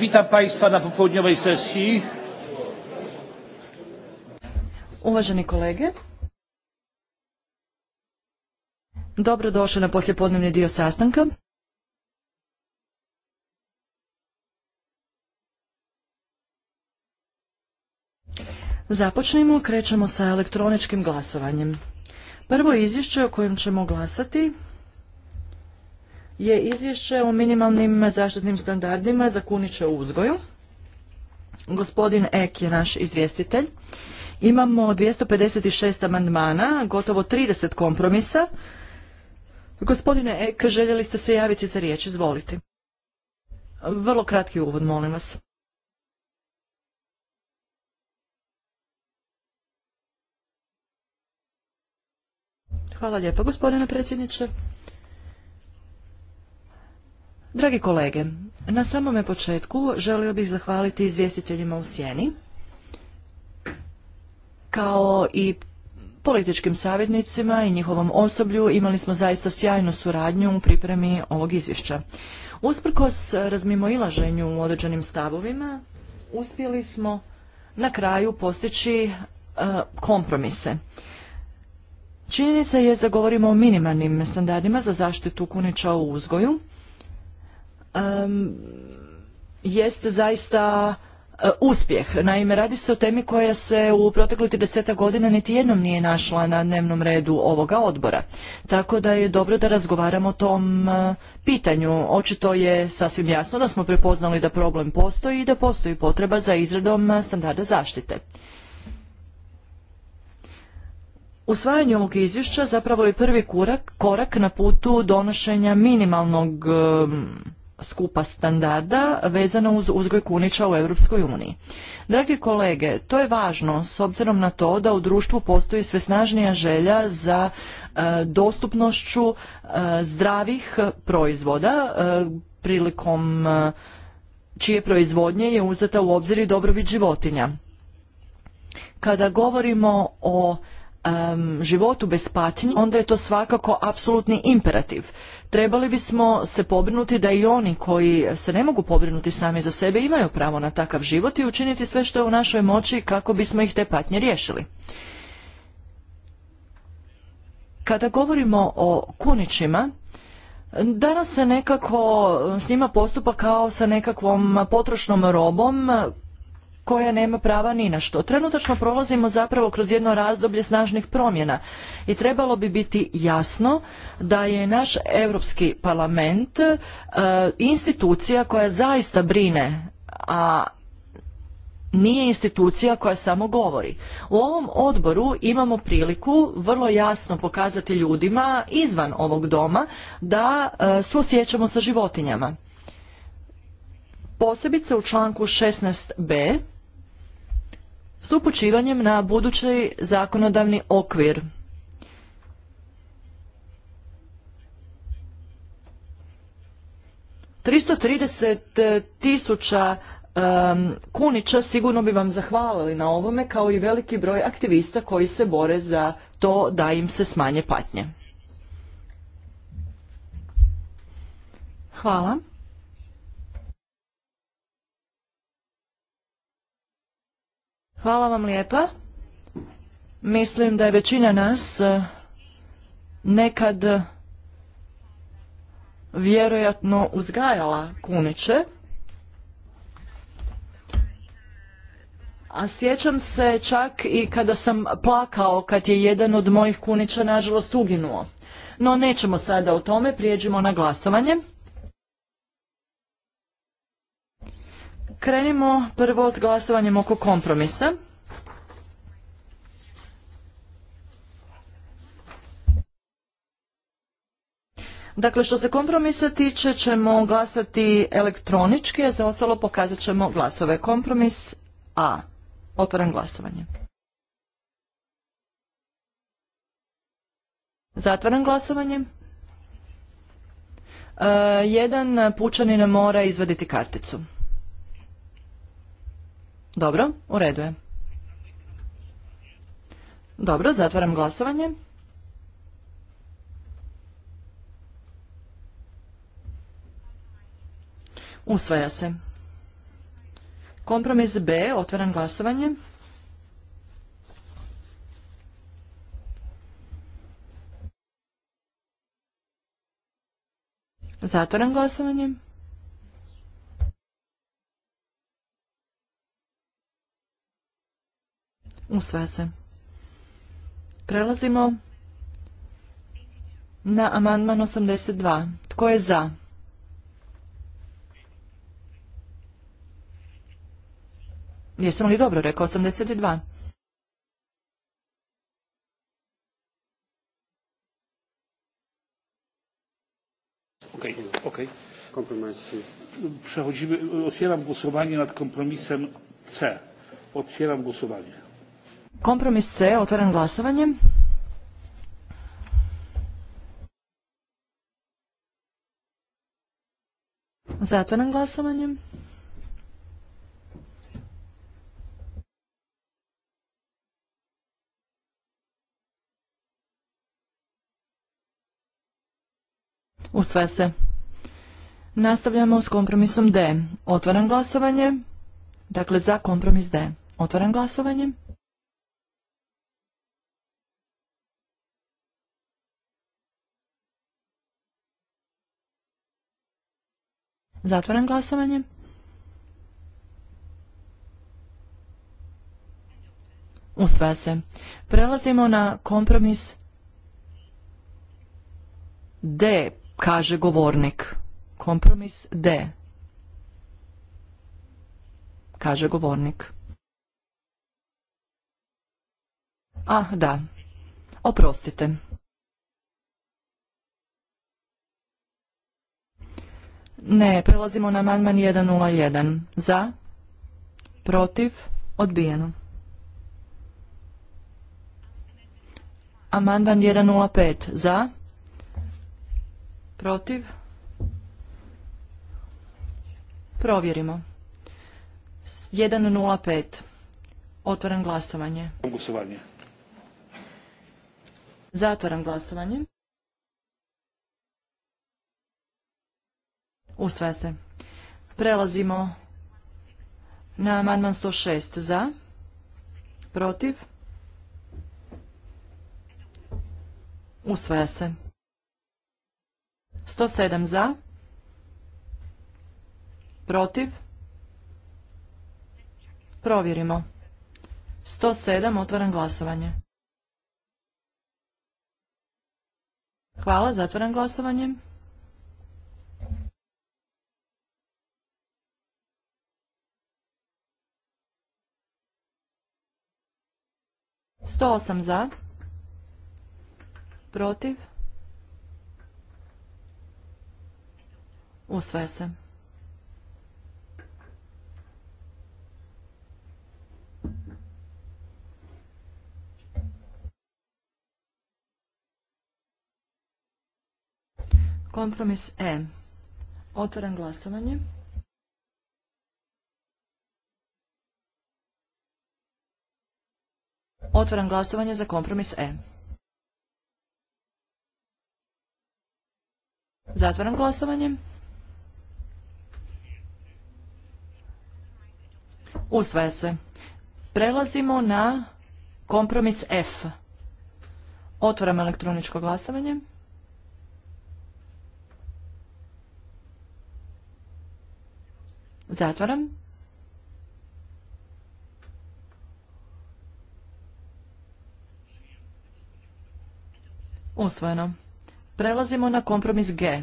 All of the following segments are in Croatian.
Witam Państwa na popołudniowej sesji. Uvaženi kolege, dobro na poslijepodnevni dio sastanka. Započnimo, krećemo sa elektroničkim glasovanjem. Prvo izvješće o kojem ćemo glasati je izvješće o minimalnim zaštitnim standardima za kuniće u uzgoju. Gospodin Ek je naš izvjestitelj. Imamo 256 amandmana, gotovo 30 kompromisa. Gospodine Ek, željeli ste se javiti za riječ, izvolite. Vrlo kratki uvod, molim vas. Hvala lijepa, gospodine predsjedniče. Dragi kolege, na samome početku želio bih zahvaliti izvjestiteljima u Sjeni, kao i političkim savjetnicima i njihovom osoblju imali smo zaista sjajnu suradnju u pripremi ovog izvješća. Usprkos razmimoilaženju u određenim stavovima, uspjeli smo na kraju postići e, kompromise. Činjenica je da govorimo o minimalnim standardima za zaštitu kunića u uzgoju, um, jest zaista e, uspjeh. Naime, radi se o temi koja se u proteklih 30 godina niti jednom nije našla na dnevnom redu ovoga odbora. Tako da je dobro da razgovaramo o tom e, pitanju. Očito je sasvim jasno da smo prepoznali da problem postoji i da postoji potreba za izradom e, standarda zaštite. Usvajanje ovog izvješća zapravo je prvi korak, korak na putu donošenja minimalnog skupa standarda vezana uz uzgoj kunića u Europskoj uniji. Dragi kolege, to je važno s obzirom na to da u društvu postoji sve snažnija želja za e, dostupnošću e, zdravih proizvoda e, prilikom čije proizvodnje je uzeta u obzir i dobrobit životinja. Kada govorimo o životu bez patnji, onda je to svakako apsolutni imperativ trebali bismo se pobrinuti da i oni koji se ne mogu pobrinuti sami za sebe imaju pravo na takav život i učiniti sve što je u našoj moći kako bismo ih te patnje riješili. Kada govorimo o kunićima, danas se nekako s njima postupa kao sa nekakvom potrošnom robom koja nema prava ni na što. Trenutačno prolazimo zapravo kroz jedno razdoblje snažnih promjena i trebalo bi biti jasno da je naš Europski parlament e, institucija koja zaista brine, a nije institucija koja samo govori. U ovom odboru imamo priliku vrlo jasno pokazati ljudima izvan ovog doma da e, suosjećamo sa životinjama. Posebice u članku 16b s upućivanjem na budući zakonodavni okvir. Tristo trideset e, tisuća e, kunića sigurno bi vam zahvalili na ovome kao i veliki broj aktivista koji se bore za to da im se smanje patnje. Hvala. Hvala vam lijepa. Mislim da je većina nas e, nekad vjerojatno uzgajala kuniće. A sjećam se čak i kada sam plakao kad je jedan od mojih kunića nažalost uginuo. No nećemo sada o tome, prijeđimo na glasovanje. Krenimo prvo s glasovanjem oko kompromisa. Dakle, što se kompromisa tiče, ćemo glasati elektronički, a za ostalo pokazat ćemo glasove. Kompromis A. Otvaram glasovanje. Zatvaram glasovanje. E, jedan pučanin mora izvaditi karticu. Dobro, u redu je. Dobro, zatvaram glasovanje. Usvaja se. Kompromis B, otvaram glasovanje. Zatvaram glasovanje. Usvaja se. Prelazimo na amandman 82. Tko je za? Jesam li dobro rekao? 82. Okej, okej. Kompromis. Przechodzimy, otwieram głosowanie nad kompromisem C. Otwieram głosowanie. Kompromis C, Otvoren glasovanje. Zatvaram glasovanje. sve se. Nastavljamo s kompromisom D. Otvoren glasovanje. Dakle, za kompromis D. Otvoren glasovanje. Zatvaram glasovanje. Usvaja se. Prelazimo na kompromis D, kaže govornik. Kompromis D, kaže govornik. Ah, da. Oprostite. Ne, prelazimo na amandman 101. Za? Protiv? Odbijeno. Amandman 105. Za? Protiv? Provjerimo. 105. Otvaram glasovanje. Glasovanje. Zatvaram glasovanje. Usvaja se. Prelazimo na amandman 106 za, protiv, usvaja se. 107 za, protiv, provjerimo. 107, otvaram glasovanje. Hvala, zatvaram glasovanje. 108 za, protiv, usvaja se. Kompromis E. Otvaram glasovanje. Otvaram glasovanje za kompromis E. Zatvaram glasovanje. Usvaja se. Prelazimo na kompromis F. Otvaram elektroničko glasovanje. Zatvaram. Usvojeno. Prelazimo na kompromis G.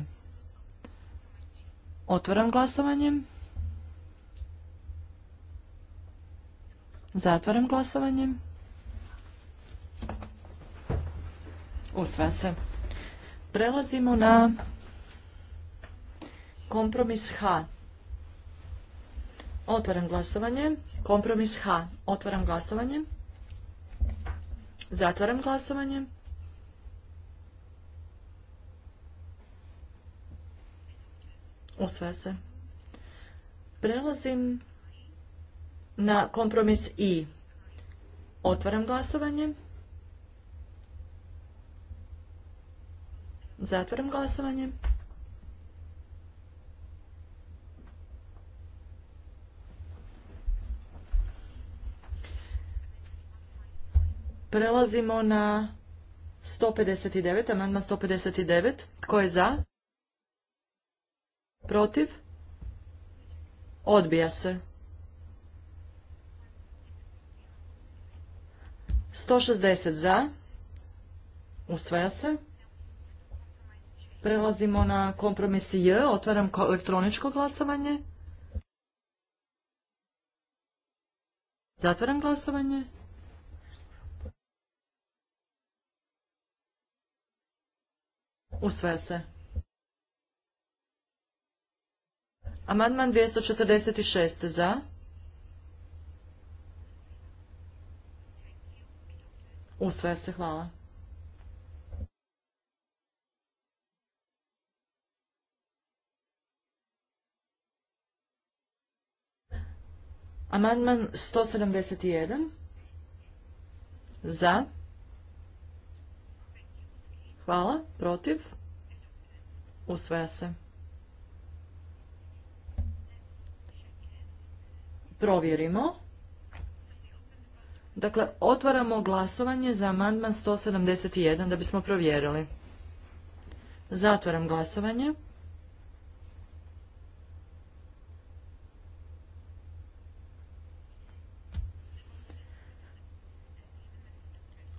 Otvaram glasovanje. Zatvaram glasovanje. Usvaja se. Prelazimo na kompromis H. Otvaram glasovanje. Kompromis H. Otvaram glasovanje. Zatvaram glasovanje. Usvaja se. Prelazim na kompromis I. Otvaram glasovanje. Zatvaram glasovanje. Prelazimo na 159, amandman 159. Tko je za? Protiv? Odbija se. 160 za. Usvaja se. Prelazimo na kompromis J. Otvaram elektroničko glasovanje. Zatvaram glasovanje. Usvaja se. Amandman 246 za. Usvaja se, hvala. Amandman 171 za. Hvala. Protiv. Usvaja se. provjerimo. Dakle, otvaramo glasovanje za amandman 171 da bismo provjerili. Zatvaram glasovanje.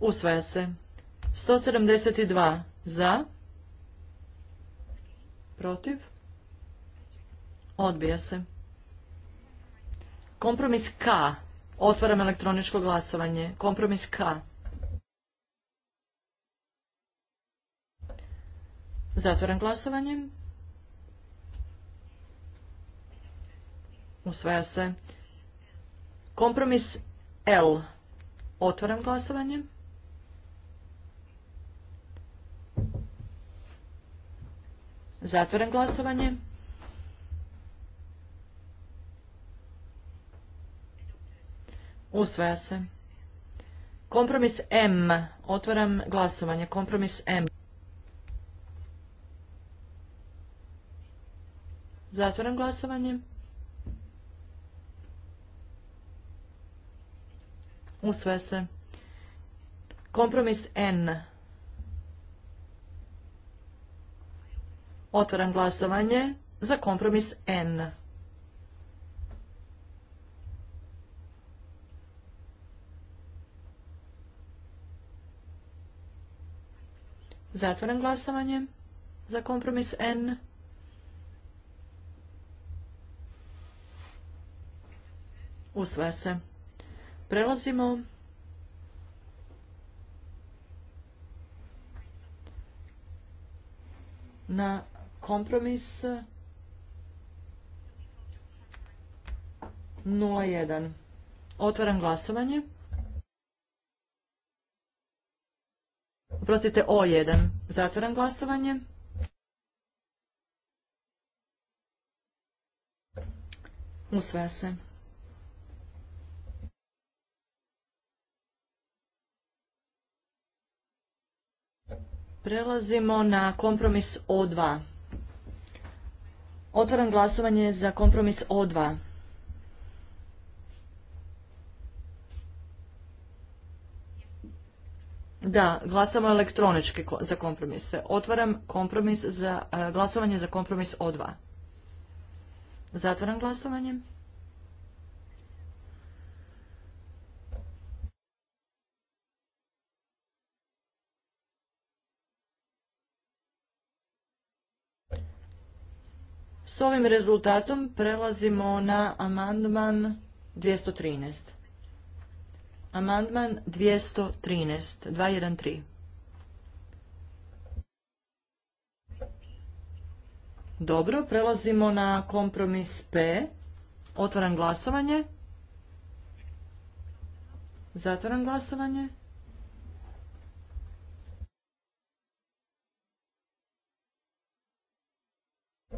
Usvaja se. 172 za. Protiv. Odbija se. Kompromis K. Otvaram elektroničko glasovanje. Kompromis K. Zatvaram glasovanje. Usvaja se. Kompromis L. Otvaram glasovanje. Zatvaram glasovanje. Usvaja se. Kompromis M. Otvaram glasovanje. Kompromis M. Zatvaram glasovanje. Usvaja se. Kompromis N. Otvaram glasovanje za kompromis N. Zatvaram glasovanje za kompromis N. Usvaja se. Prelazimo na kompromis 01. Otvaram glasovanje. Prostite, O1. Zatvoram glasovanje. Usvaja se. Prelazimo na kompromis O2. Otvaram glasovanje za kompromis O2. Da, glasamo elektronički za kompromise. Otvaram kompromis za e, glasovanje za kompromis O2. Zatvaram glasovanje. S ovim rezultatom prelazimo na amandman 213. Amandman 213, 213. Dobro, prelazimo na kompromis P. Otvaram glasovanje. Zatvaram glasovanje.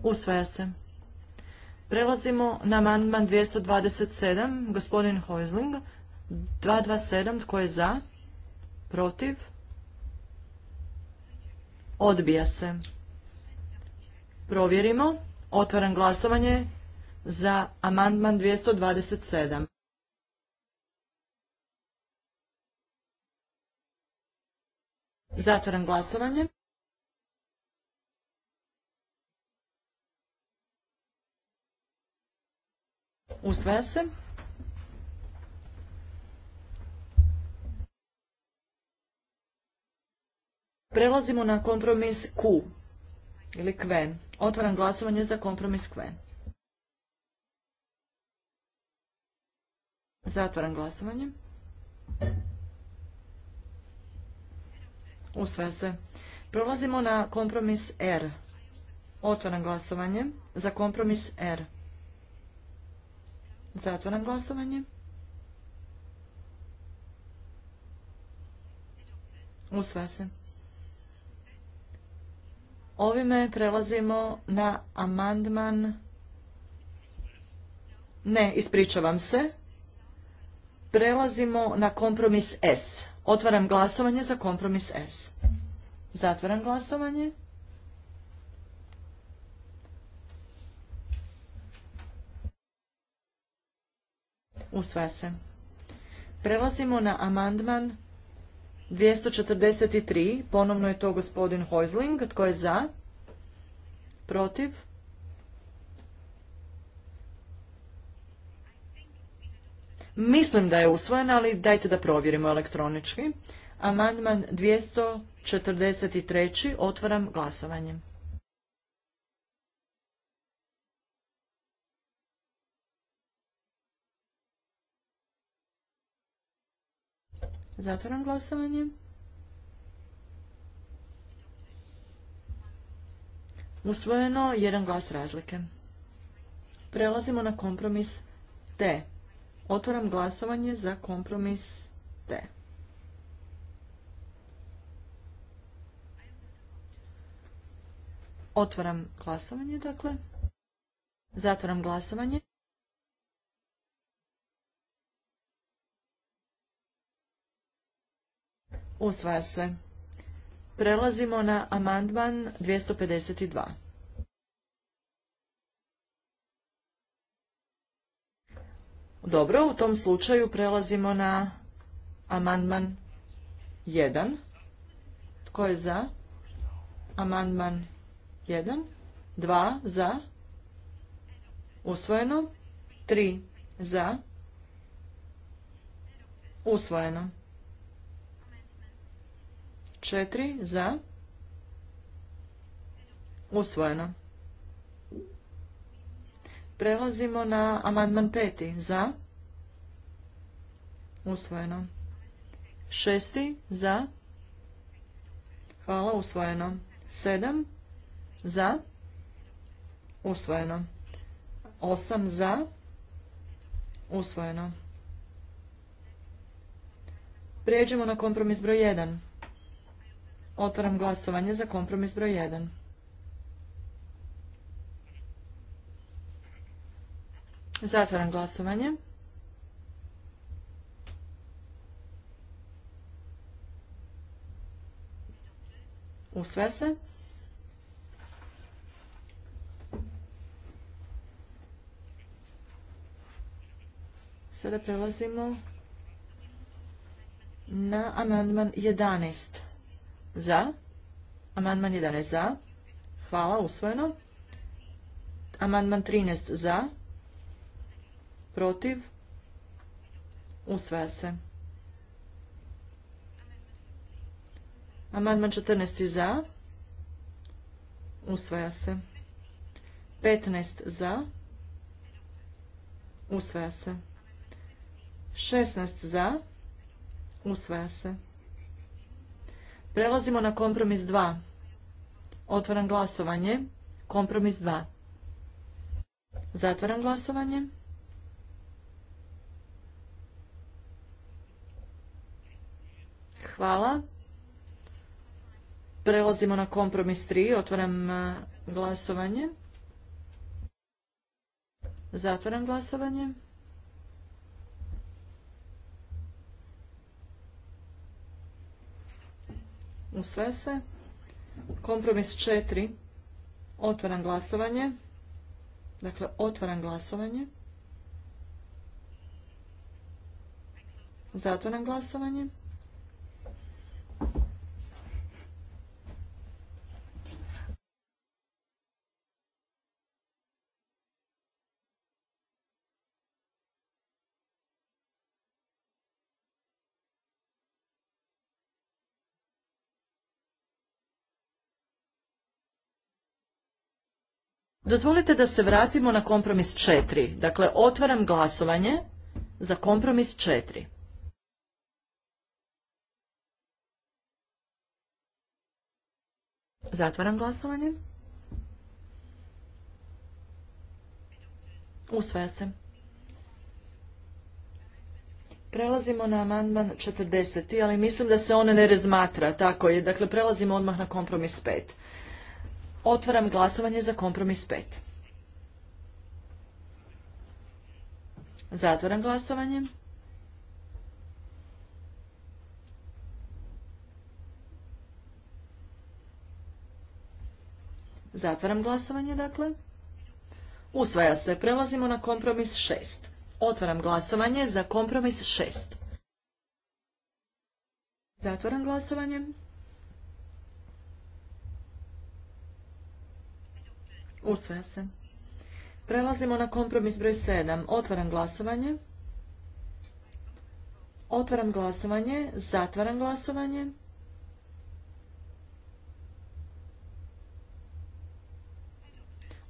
Usvaja se. Prelazimo na amandman 227, gospodin Hojzling. 227. Tko je za? Protiv? Odbija se. Provjerimo. Otvaram glasovanje za amandman 227. Zatvaram glasovanje. Usvaja se. Prelazimo na kompromis Q ili Q. Otvaram glasovanje za kompromis Q. Zatvaram glasovanje. Usvaja se. Prelazimo na kompromis R. Otvaram glasovanje za kompromis R. Zatvaram glasovanje. Usvaja se. Ovime prelazimo na amandman... Ne, ispričavam se. Prelazimo na kompromis S. Otvaram glasovanje za kompromis S. Zatvaram glasovanje. Usvaja se. Prelazimo na amandman 243, ponovno je to gospodin Hojzling, tko je za? Protiv? Mislim da je usvojen ali dajte da provjerimo elektronički. Amandman 243. Otvaram glasovanjem. Zatvaram glasovanje. Usvojeno jedan glas razlike. Prelazimo na kompromis T. Otvaram glasovanje za kompromis T. Otvaram glasovanje, dakle. Zatvaram glasovanje. Usvaja se. Prelazimo na amandman 252. Dobro, u tom slučaju prelazimo na amandman 1. Tko je za? Amandman 1. 2 za. Usvojeno. 3 za. Usvojeno. Četiri za. Usvojeno. Prelazimo na amandman peti. Za. Usvojeno. Šesti. Za. Hvala. Usvojeno. Sedam. Za. Usvojeno. Osam. Za. Usvojeno. Prijeđemo na kompromis broj 1. Otvaram glasovanje za kompromis broj 1. Zatvaram glasovanje. Usve se. Sada prelazimo na amandman 11 za. Amandman 11 za. Hvala, usvojeno. Amandman 13 za. Protiv. Usvaja se. Amandman 14 za. Usvaja se. 15 za. Usvaja se. 16 za. Usvaja se. Prelazimo na kompromis 2. Otvaram glasovanje. Kompromis 2. Zatvaram glasovanje. Hvala. Prelazimo na kompromis 3. Otvaram e, glasovanje. Zatvaram glasovanje. U sve se. Kompromis četiri, Otvaram glasovanje. Dakle, otvaram glasovanje. Zatvaram glasovanje. Dozvolite da se vratimo na kompromis četiri. Dakle, otvaram glasovanje za kompromis četiri. Zatvaram glasovanje. Usvaja se. Prelazimo na amandman 40, ali mislim da se on ne razmatra. Tako je. Dakle, prelazimo odmah na kompromis 5. Otvaram glasovanje za kompromis 5. Zatvaram glasovanje. Zatvaram glasovanje, dakle. Usvaja se. Prelazimo na kompromis 6. Otvaram glasovanje za kompromis 6. Zatvaram glasovanje. Usvaja se. Prelazimo na kompromis broj 7. Otvaram glasovanje. Otvaram glasovanje. Zatvaram glasovanje.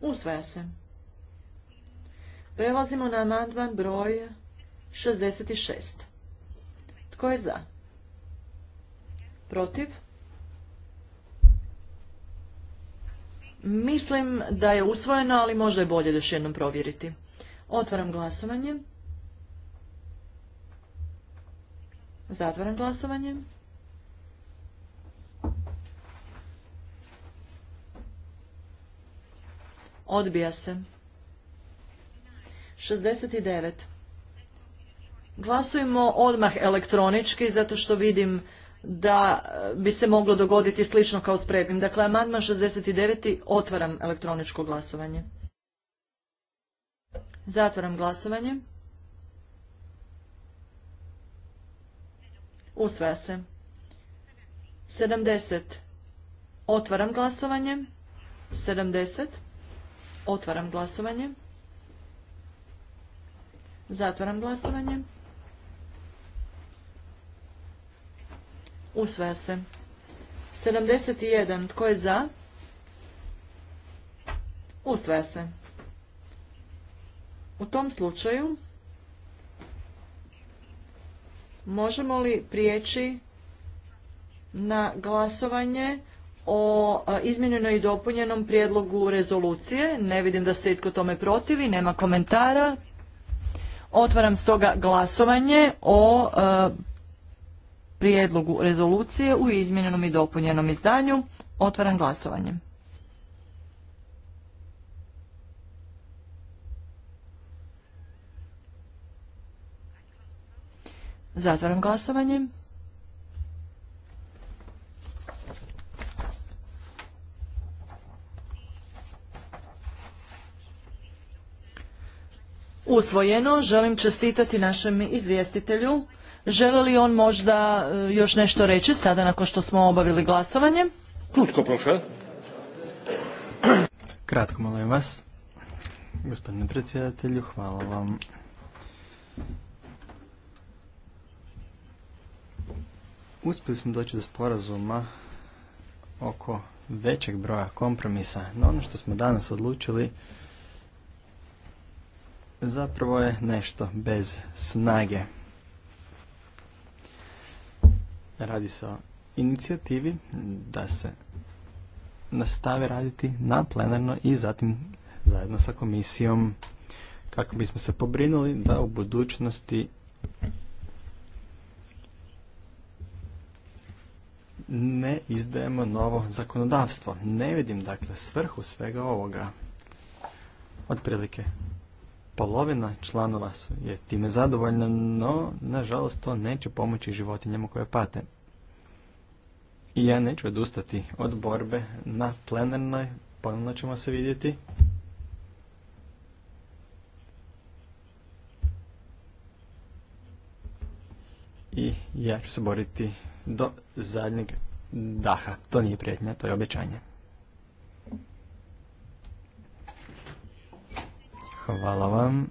Usvaja se. Prelazimo na amandman broj 66. Tko je za? Protiv? Mislim da je usvojeno, ali možda je bolje još jednom provjeriti. Otvaram glasovanje. Zatvaram glasovanje. Odbija se. 69. Glasujemo odmah elektronički, zato što vidim da e, bi se moglo dogoditi slično kao s prednim. Dakle, amandman 69. otvaram elektroničko glasovanje. Zatvaram glasovanje. Usvaja se. 70. Otvaram glasovanje. 70. Otvaram glasovanje. Zatvaram glasovanje. Usvaja se. 71. Tko je za? Usvaja se. U tom slučaju možemo li prijeći na glasovanje o izmjenjenoj i dopunjenom prijedlogu rezolucije. Ne vidim da se itko tome protivi, nema komentara. Otvaram stoga glasovanje o prijedlogu rezolucije u izmjenjenom i dopunjenom izdanju. Otvaram glasovanje. Zatvaram glasovanje. Usvojeno želim čestitati našem izvjestitelju. Želi li on možda e, još nešto reći sada nakon što smo obavili glasovanje? Krutko, prošao. Kratko, molim vas. Gospodine predsjedatelju, hvala vam. Uspjeli smo doći do sporazuma oko većeg broja kompromisa, no ono što smo danas odlučili zapravo je nešto bez snage. Radi se o inicijativi da se nastavi raditi na plenarno i zatim zajedno sa komisijom kako bismo se pobrinuli da u budućnosti ne izdajemo novo zakonodavstvo. Ne vidim dakle svrhu svega ovoga. Otprilike Polovina članova su, je time zadovoljna, no nažalost to neće pomoći životinjama koje pate. I ja neću odustati od borbe na plenarnoj, ponovno ćemo se vidjeti. I ja ću se boriti do zadnjeg daha. To nije prijetnja, to je obećanje. Hvala vam.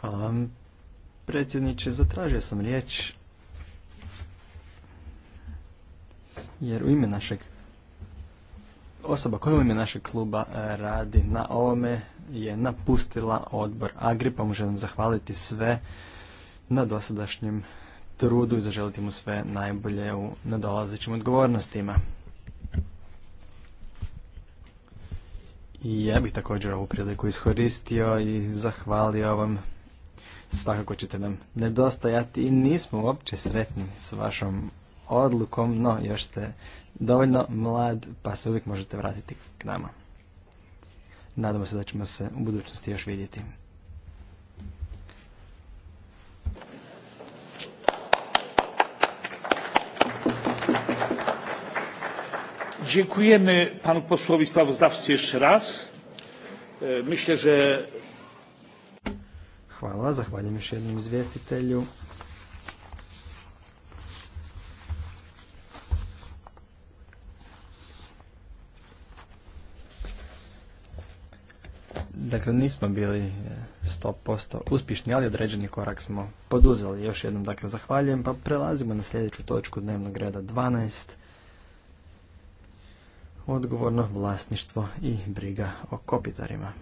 Hvala vam, predsjedniče. Zatražio sam riječ jer u ime našeg osoba koja u ime našeg kluba e, radi na ovome je napustila odbor Agri, pa mu želim zahvaliti sve na dosadašnjem trudu i zaželiti mu sve najbolje u nadolazećim odgovornostima. I ja bih također ovu priliku iskoristio i zahvalio vam. Svakako ćete nam nedostajati i nismo uopće sretni s vašom odlukom, no još ste dovoljno mlad, pa se uvijek možete vratiti k nama. Nadamo se da ćemo se u budućnosti još vidjeti. Dziękujemy panu posłowi sprawozdawcy jeszcze raz. E, myślę, że... Hvala, zahvaljujem još jednom izvjestitelju. Dakle, nismo bili 100% e, uspješni, ali određeni korak smo poduzeli. Još jednom, dakle, zahvaljujem, pa prelazimo na sljedeću točku dnevnog reda 12. Odgovorno vlasništvo i briga o kopitarima.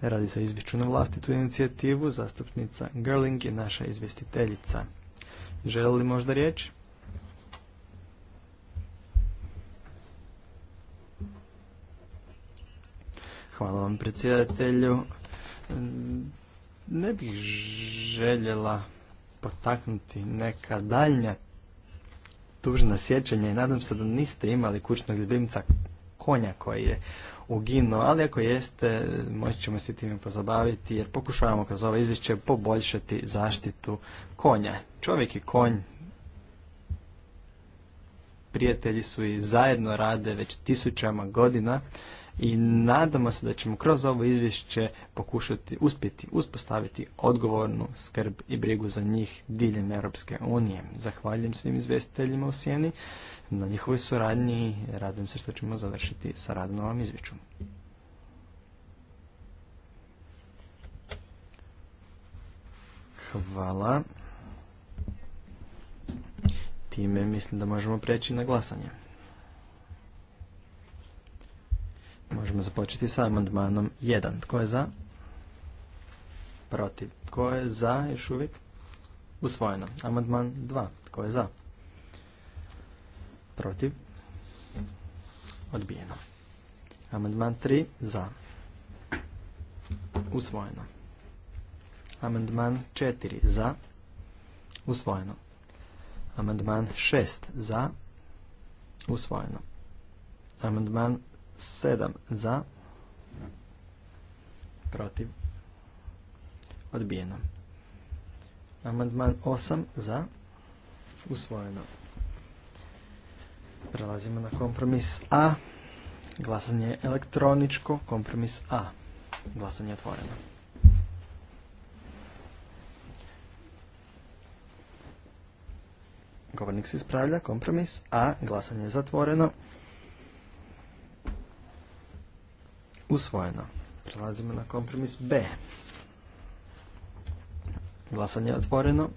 Radi se izvješću na vlastitu inicijativu, zastupnica Gerling je naša izvjestiteljica. Želi li možda riječ? Hvala vam predsjedatelju. Ne bih željela potaknuti neka daljnja tužna sjećanja i nadam se da niste imali kućnog ljubimca konja koji je uginuo, ali ako jeste, moći ćemo se tim pozabaviti jer pokušavamo kroz ovo izvješće poboljšati zaštitu konja. Čovjek i konj prijatelji su i zajedno rade već tisućama godina i nadamo se da ćemo kroz ovo izvješće pokušati uspjeti uspostaviti odgovornu skrb i brigu za njih diljem Europske unije. Zahvaljujem svim izvjestiteljima u Sjeni na njihovoj suradnji i radujem se što ćemo završiti sa radom na ovom izvješću. Hvala. Time mislim da možemo preći na glasanje. Možemo započeti sa amandmanom 1. Tko je za? Protiv. Tko je za još uvijek? Usvojeno. Amandman 2. Tko je za? Protiv. Odbijeno. Amandman 3. Za. Usvojeno. Amandman 4. Za. Usvojeno. Amandman 6. Za. Usvojeno. Amandman 7 za, protiv, odbijeno. Amandman 8 za, usvojeno. Prelazimo na kompromis A. Glasanje je elektroničko, kompromis A. Glasanje je otvoreno. Govornik se ispravlja, kompromis A. Glasanje je zatvoreno. Usvojeno. Prelazimo na kompromis B. Glasanje je otvoreno.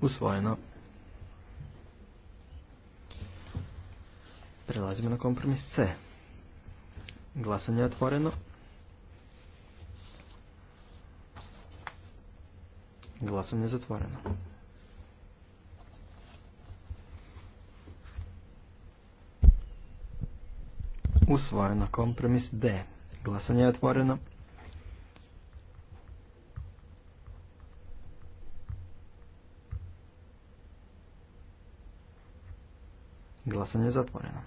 Usvojeno. Prelazimo na kompromis C. Glasanje je otvoreno. Glasanje je zatvoreno. Usvojeno kompromis D. Glasanje je otvoreno. Glasanje je zatvoreno.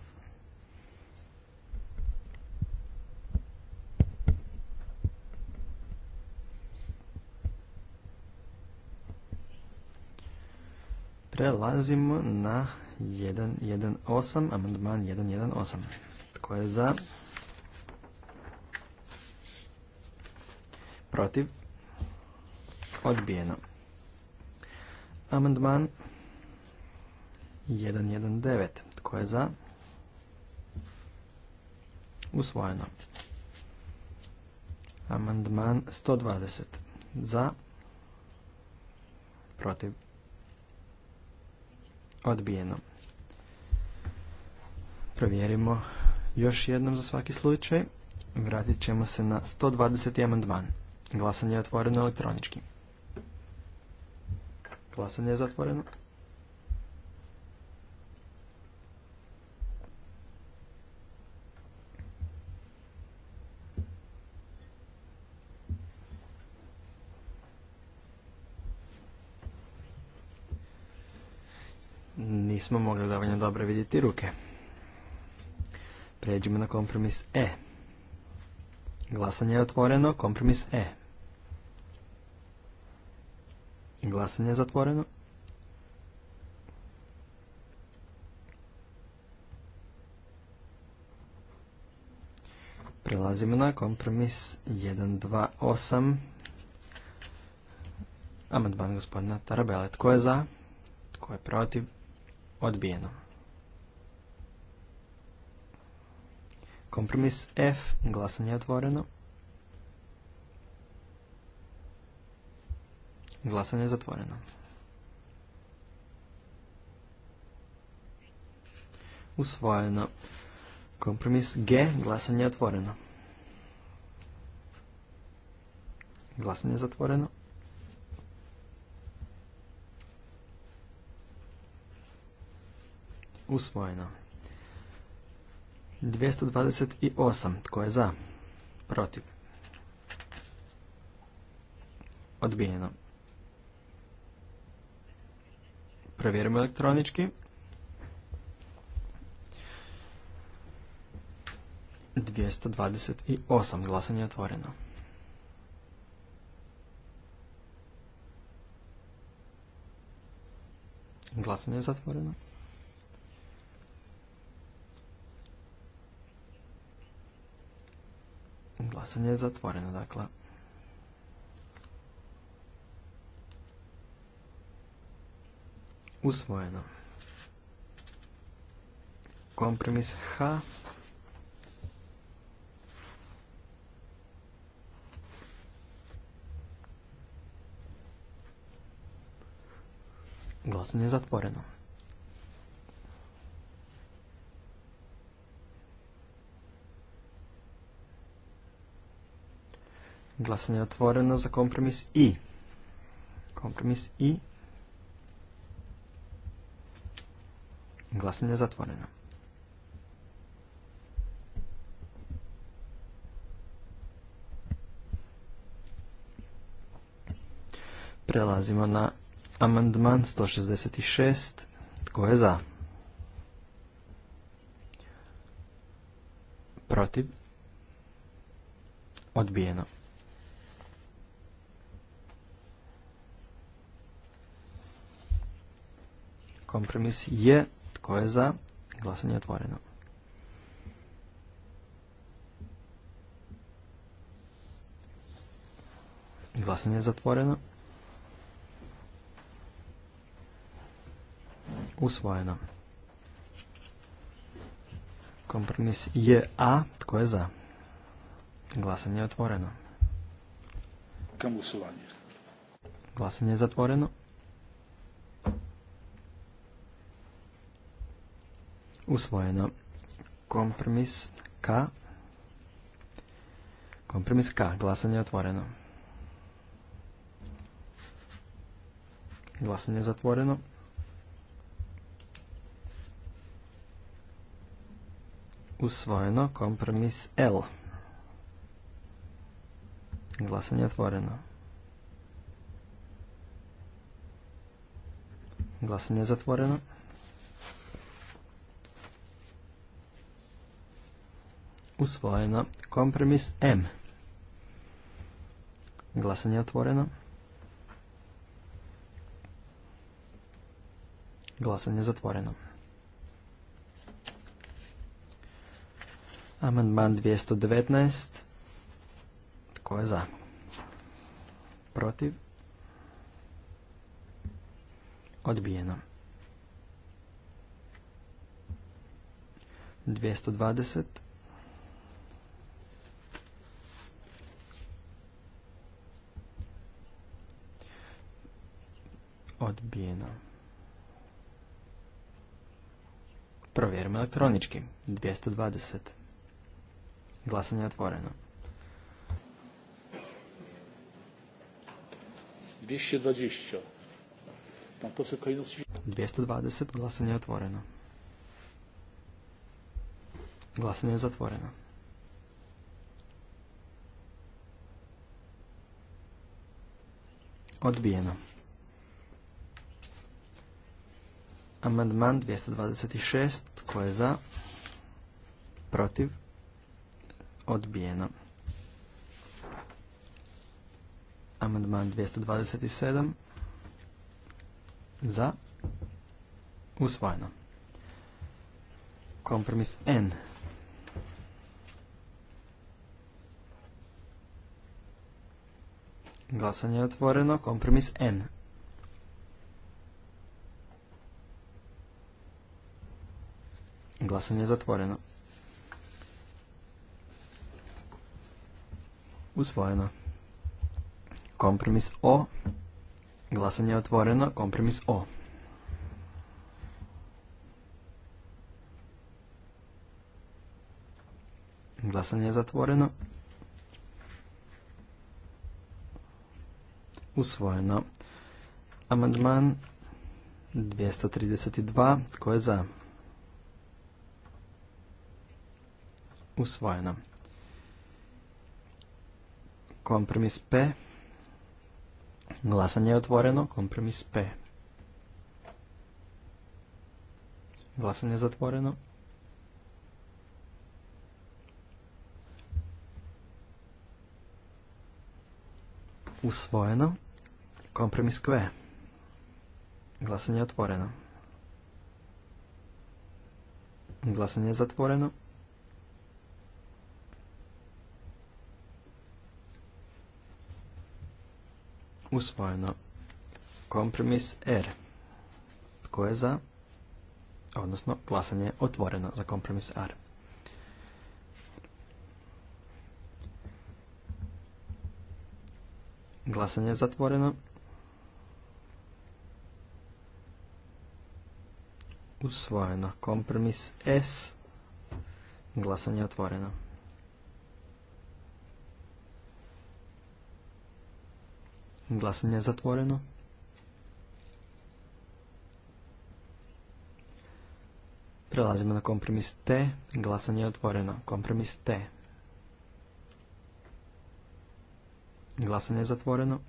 Prelazimo na 1.1.8, amandman 1.1.8. Tko je za? Protiv? Odbijeno. Amandman 1.1.9. Tko je za? Usvojeno. Amandman 120. Za. Protiv. Odbijeno. Provjerimo još jednom za svaki slučaj. Vratit ćemo se na 120. amandman. Glasanje je otvoreno elektronički. Glasanje je zatvoreno. smo mogli dovoljno dobro vidjeti ruke. Pređimo na kompromis E. Glasanje je otvoreno, kompromis E. Glasanje je zatvoreno. Prelazimo na kompromis 128. Amandman gospodina Tarabele. Tko je za? Tko je protiv? Odbijeno. Kompromis F. Glasanje je otvoreno. Glasanje je zatvoreno. Usvojeno. Kompromis G. Glasanje je otvoreno. Glasanje je zatvoreno. usvojeno. 228. Tko je za? Protiv. Odbijeno. Provjerimo elektronički. 228. Glasanje je otvoreno. Glasanje je zatvoreno. Glasanje je zatvoreno, dakle. Usvojeno. Kompromis H. Glasanje je zatvoreno. Glasanje je otvoreno za kompromis I. Kompromis I. Glasanje je zatvoreno. Prelazimo na amandman 166. Tko je za? Protiv? Odbijeno. Kompromis je. Tko je za? Glasanje je otvoreno. Glasanje je zatvoreno. Usvojeno. Kompromis je A. Tko je za? Glasanje je otvoreno. Kam Glasanje je zatvoreno. usvojeno. Kompromis K. Kompromis K. Glasanje je otvoreno. Glasanje je zatvoreno. Usvojeno. Kompromis L. Glasanje je otvoreno. Glasanje je zatvoreno. usvojeno. Kompromis M. Glasanje otvoreno. Glasanje zatvoreno. Amandman 219. Tko je za? Protiv? Odbijeno. 220. odbijeno. Provjerimo elektronički. 220. Glasanje je otvoreno. 220. 220. Glasanje je otvoreno. Glasanje zatvoreno. Odbijeno. Amandman 226. Tko je za? Protiv? Odbijeno. Amandman 227. Za? Usvojeno. Kompromis N. Glasanje je otvoreno. Kompromis N. Glasanje je zatvoreno. Usvojeno. Kompromis O. Glasanje je otvoreno. Kompromis O. Glasanje je zatvoreno. Usvojeno. Amandman 232. Tko je za? usvojeno. Kompromis P. Glasanje je otvoreno. Kompromis P. Glasanje je zatvoreno. Usvojeno. Kompromis Q. Glasanje je otvoreno. Glasanje je zatvoreno. Usvojeno. Kompromis R. Tko je za? Odnosno, glasanje je otvoreno za kompromis R. Glasanje je zatvoreno. Usvojeno. Kompromis S. Glasanje je otvoreno. Glasanje je zatvoreno. Prelazimo na kompromis T. Glasanje je otvoreno. Kompromis T. Glasanje je zatvoreno.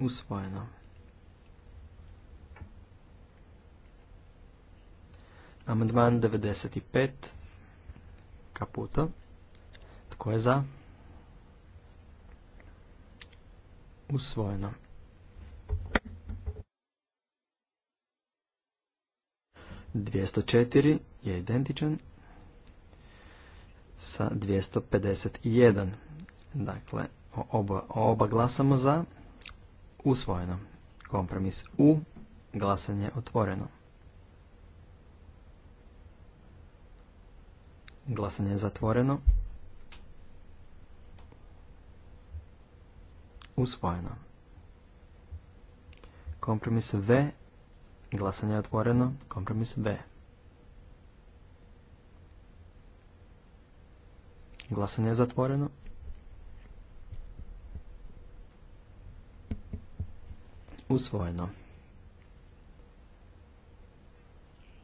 Usvojeno. Amandman 95. Kaputo. Tko je za? Usvojeno. Dvijesto četiri je identičan sa 251. Dakle, oba, oba glasamo za usvojeno. Kompromis U, glasanje otvoreno. Glasanje je zatvoreno. usvojeno. Kompromis V, glasanje je otvoreno, kompromis B. Glasanje je zatvoreno. Usvojeno.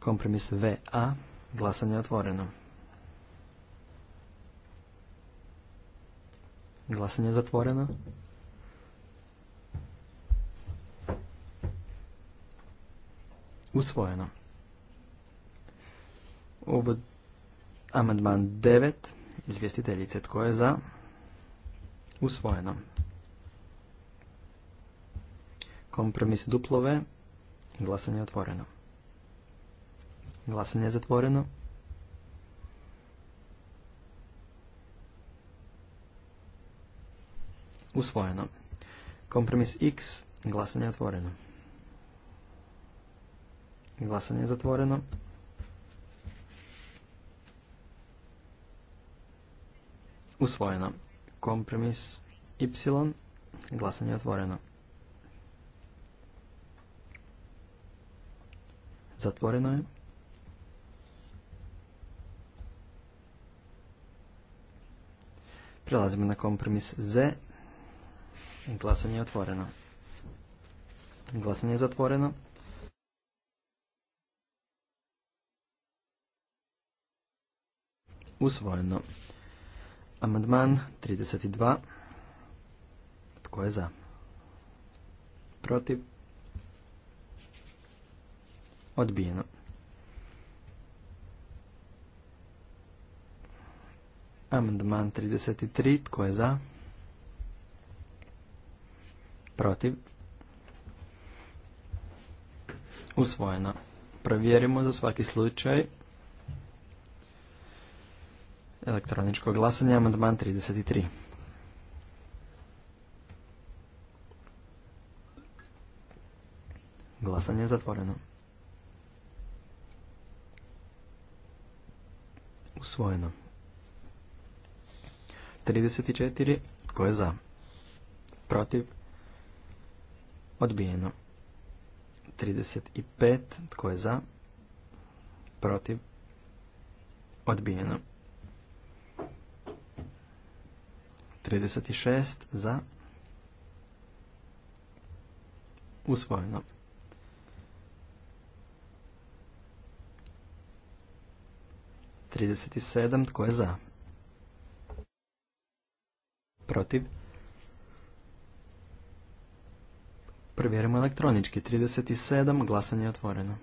Kompromis A. Glasanje otvoreno. Glasanje je zatvoreno. usvojeno. Uvod amandman 9 izvjestiteljice tko je za usvojeno. Kompromis duplove glasanje otvoreno. Glasanje je zatvoreno. Usvojeno. Kompromis X. Glasanje je otvoreno. Glasanje je zatvoreno. Usvojeno. Kompromis Y. Glasanje je otvoreno. Zatvoreno je. Prelazimo na kompromis Z. Glasanje je otvoreno. Glasanje je zatvoreno. Usvojeno. Amandman 32. Tko je za? Protiv? Odbijeno. Amandman 33. Tko je za? Protiv? Usvojeno. Provjerimo za svaki slučaj. Elektroničko glasanje, amandman 33. Glasanje je zatvoreno. Usvojeno. 34. Tko je za? Protiv? Odbijeno. 35. Tko je za? Protiv? Odbijeno. 36 za usvojeno. Trideset sedam tko je za? Protiv? Provjerimo elektronički. 37 glasanje je otvoreno.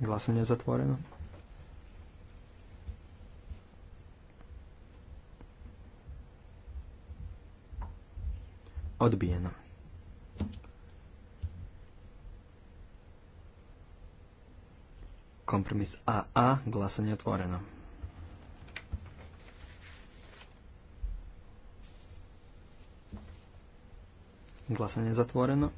Glasanje je zatvoreno. Odbijeno. Kompromis AA, glasanje otvoreno. Glasanje zatvoreno.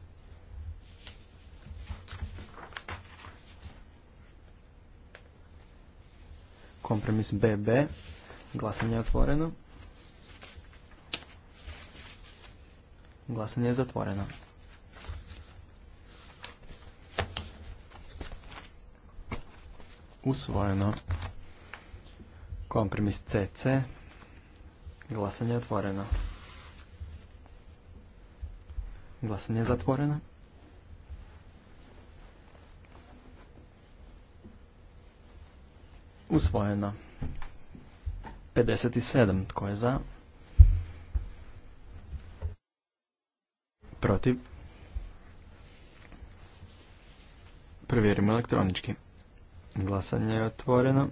Kompromis BB, glasanje otvoreno. Glasanje je zatvoreno. Usvojeno. Kompromis CC. Glasanje je otvoreno. Glasanje je zatvoreno. Usvojeno. 57. Tko je za? Protiv. Provjerimo elektronički. Glasanje je otvoreno.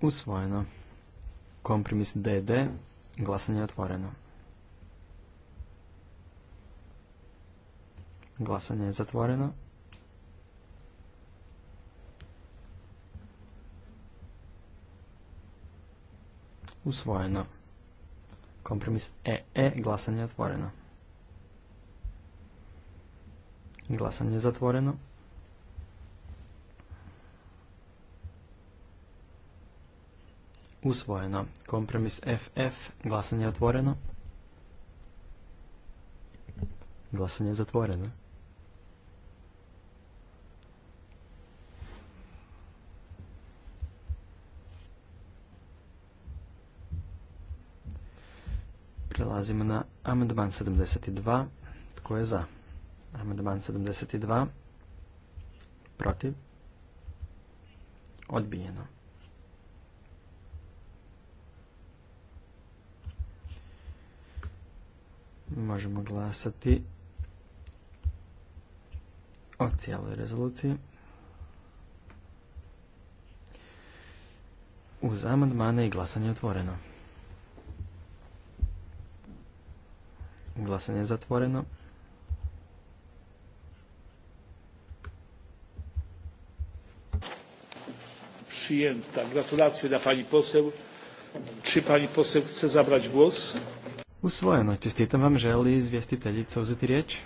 Usvojeno. Kompromis DD. Glasanje je otvoreno. Glasanje je zatvoreno. Usvojeno. Kompromis EE, e, glasanje je otvoreno. Glasanje je zatvoreno. Usvojeno. Kompromis FF, glasanje je otvoreno. Glasanje je zatvoreno. Prelazimo na amandman 72. Tko je za? Amandman 72. Protiv? Odbijeno. Možemo glasati o cijeloj rezoluciji. Uz amandmane i glasanje otvoreno. Glasanje je zatvoreno. Przyjęta. Gratulacje dla pani poseł. Czy pani poseł chce zabrać głos? Usvojeno. Čestitam vam. Želi izvjestiteljica uzeti riječ?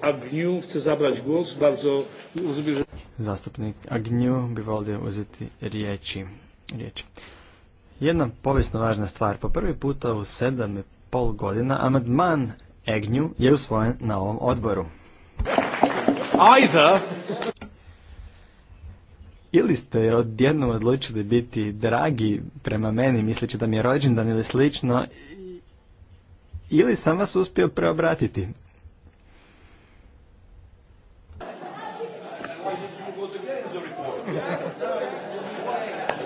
Agniu chce zabrać głos. Bardzo rozumiem, że... Zastupnik Agniu bi volio uzeti riječi. Jedna povijesno važna stvar. Po prvi puta u sedam i pol godina amandman Egnju je usvojen na ovom odboru. Ili ste odjednom odlučili biti dragi prema meni, misleći da mi je rođendan ili slično, ili sam vas uspio preobratiti.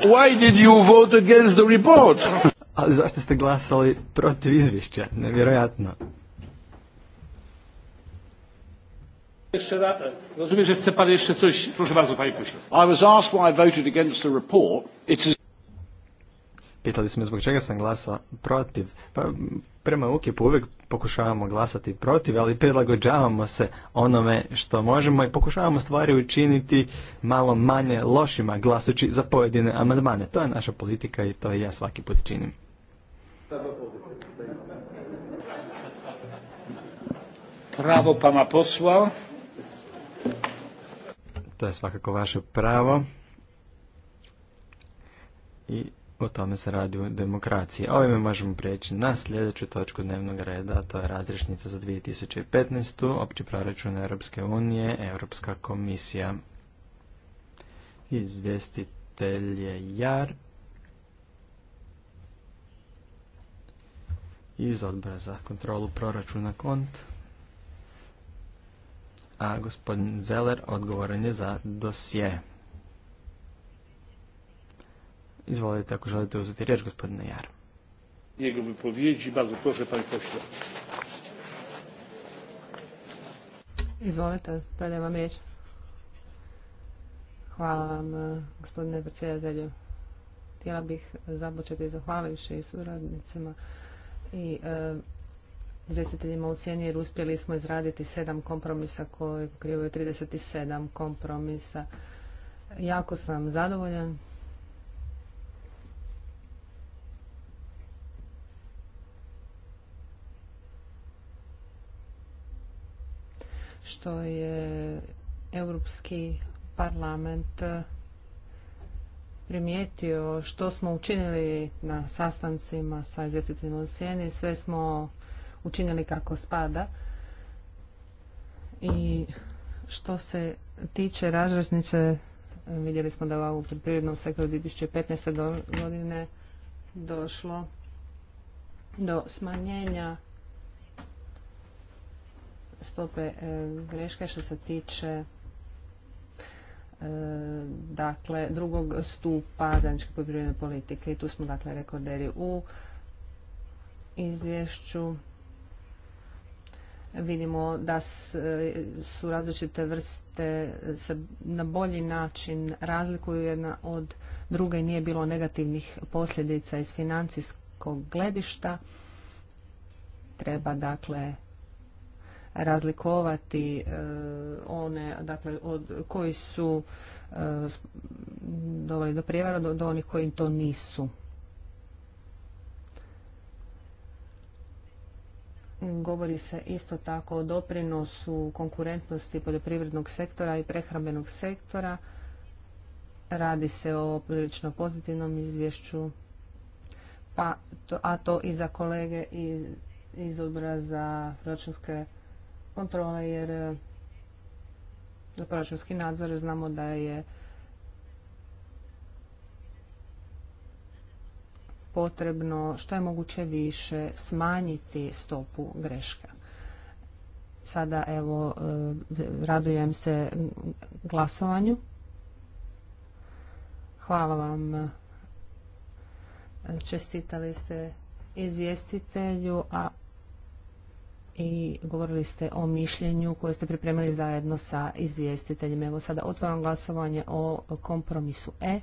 Why did you vote against the report? Ali zašto ste glasali protiv izvješća? Nevjerojatno. Rozumiem, że chce pan jeszcze coś. Proszę bardzo, panie pośle. I was asked why I voted against the report. It's Pitali smo zbog čega sam glasao protiv. Pa prema UKIP-u uvijek pokušavamo glasati protiv, ali prilagođavamo se onome što možemo i pokušavamo stvari učiniti malo manje lošima glasući za pojedine amandmane. To je naša politika i to ja svaki put činim. Pravo pa ma posla. To je svakako vaše pravo. I o tome se radi u demokraciji. ovime možemo prijeći na sljedeću točku dnevnog reda, a to je razrišnica za 2015. Opći proračun Europske unije, Europska komisija. Izvjestitelj Jar iz odbora za kontrolu proračuna KONT. A gospodin Zeller odgovoran je za dosje. Izvolite ako želite uzeti riječ gospodine Jar. Njegov wypowiedzi, bardzo proszę pani pośle. Izvolite, predajem vam riječ. Hvala vam eh, gospodine predsjedatelju. Htjela bih započeti zahvalivši suradnicima i e, izvjestiteljima u cijeni jer uspjeli smo izraditi sedam kompromisa koji pokrivaju 37 kompromisa. Jako sam zadovoljan što je Europski parlament eh, primijetio što smo učinili na sastancima sa izvjestiteljima u sjeni, sve smo učinili kako spada. I što se tiče razrešnice, eh, vidjeli smo da je u Prirodnom sektoru 2015. godine došlo do smanjenja stope e, greške što se tiče e, dakle drugog stupa zajedničke poljoprivredne politike i tu smo dakle rekorderi u izvješću vidimo da e, su različite vrste se na bolji način razlikuju jedna od druge i nije bilo negativnih posljedica iz financijskog gledišta treba dakle razlikovati e, one dakle od koji su e, doveli do prijevara do, do onih koji to nisu. Govori se isto tako o doprinosu konkurentnosti poljoprivrednog sektora i prehrambenog sektora. Radi se o prilično pozitivnom izvješću, pa, to, a to i za kolege iz, iz odbora za proračunske kontrole, jer e, za proračunski nadzor znamo da je potrebno što je moguće više smanjiti stopu greška. Sada evo e, radujem se glasovanju. Hvala vam. Čestitali ste izvjestitelju, a i govorili ste o mišljenju koje ste pripremili zajedno sa izvjestiteljem. Evo sada otvaram glasovanje o kompromisu E.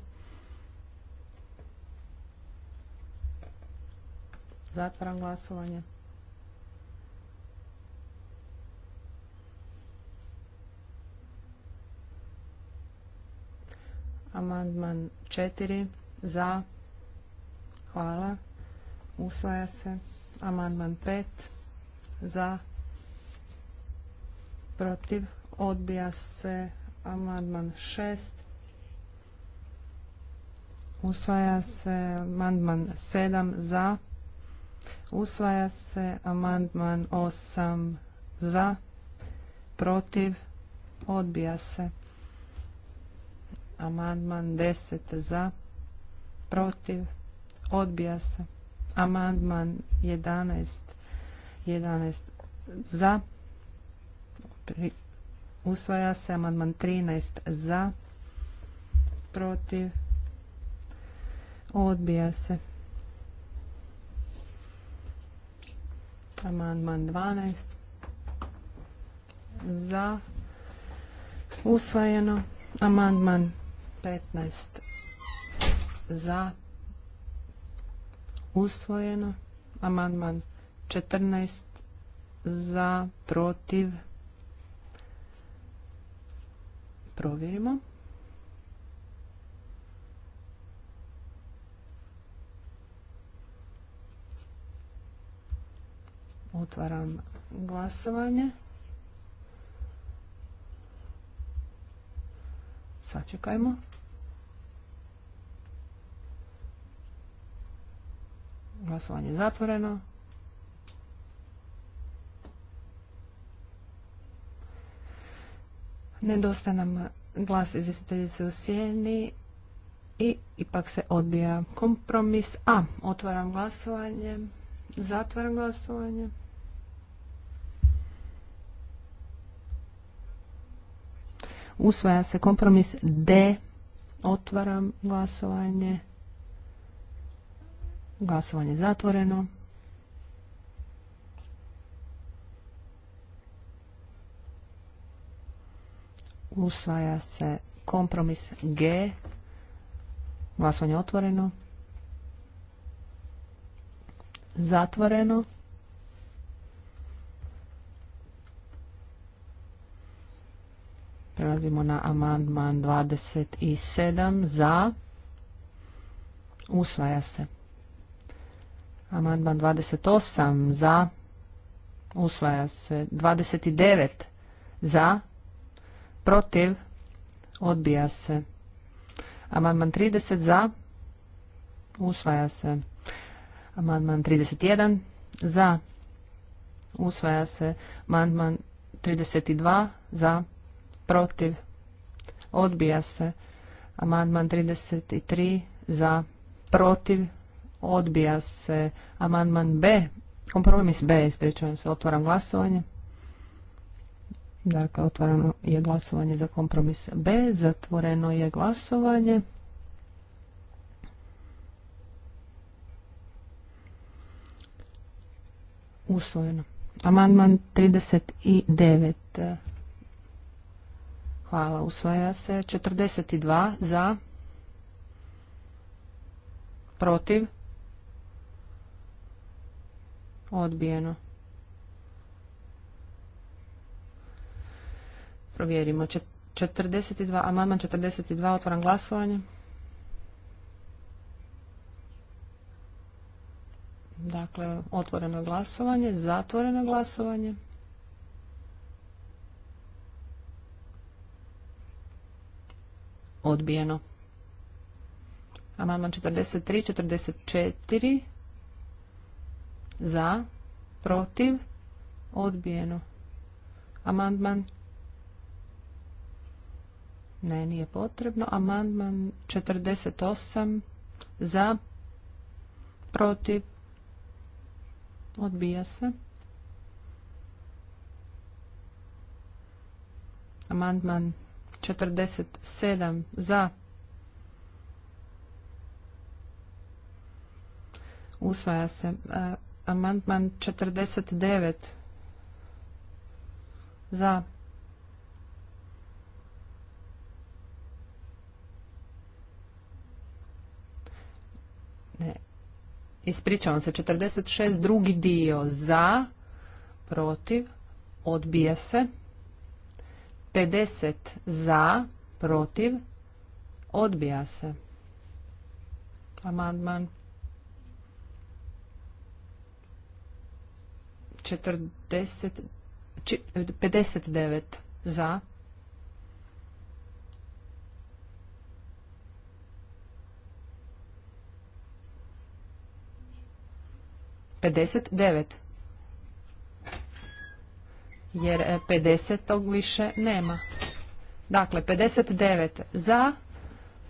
Zatvaram glasovanje. Amandman 4 za. Hvala. Usvaja se. Amandman 5 za protiv odbija se amandman 6 usvaja se amandman 7 za usvaja se amandman 8 za protiv odbija se amandman 10 za protiv odbija se amandman 11 11 za, usvaja se amandman 13 za, protiv, odbija se. Amandman 12 za, usvojeno. Amandman 15 za, usvojeno. Amandman 14 za, protiv. Provjerimo. Otvaram glasovanje. Sačekajmo. Glasovanje zatvoreno. Nedosta nam glas izvjestiteljice u sjeni i ipak se odbija kompromis. A, otvaram glasovanje, zatvaram glasovanje. Usvaja se kompromis D, otvaram glasovanje. Glasovanje zatvoreno. Usvaja se kompromis G. Glasovanje otvoreno. Zatvoreno. Prelazimo na amandman 27 za. Usvaja se. Amandman 28 za. Usvaja se. 29 za protiv, odbija se. Amandman 30 za, usvaja se. Amandman 31 za, usvaja se. Amandman 32 za, protiv, odbija se. Amandman 33 za, protiv, odbija se. Amandman B, kompromis B, ispričavam se, otvaram glasovanje. Dakle, otvoreno je glasovanje za kompromis B, zatvoreno je glasovanje. Usvojeno. Amandman 39. Hvala, usvaja se. 42 za. Protiv. Odbijeno. Provjerimo. 42, amandman 42, otvoram glasovanje. Dakle, otvoreno glasovanje, zatvoreno glasovanje. Odbijeno. Amandman 43, 44, za, protiv, odbijeno. Amandman ne, nije potrebno. Amandman 48 za, protiv, odbija se. Amandman 47 za, usvaja se. Amandman 49 za, Ispričavam se, 46 drugi dio za, protiv, odbija se. 50 za, protiv, odbija se. Amandman 40, 59 za, 59. Jer 50. E, tog više nema. Dakle, 59 za,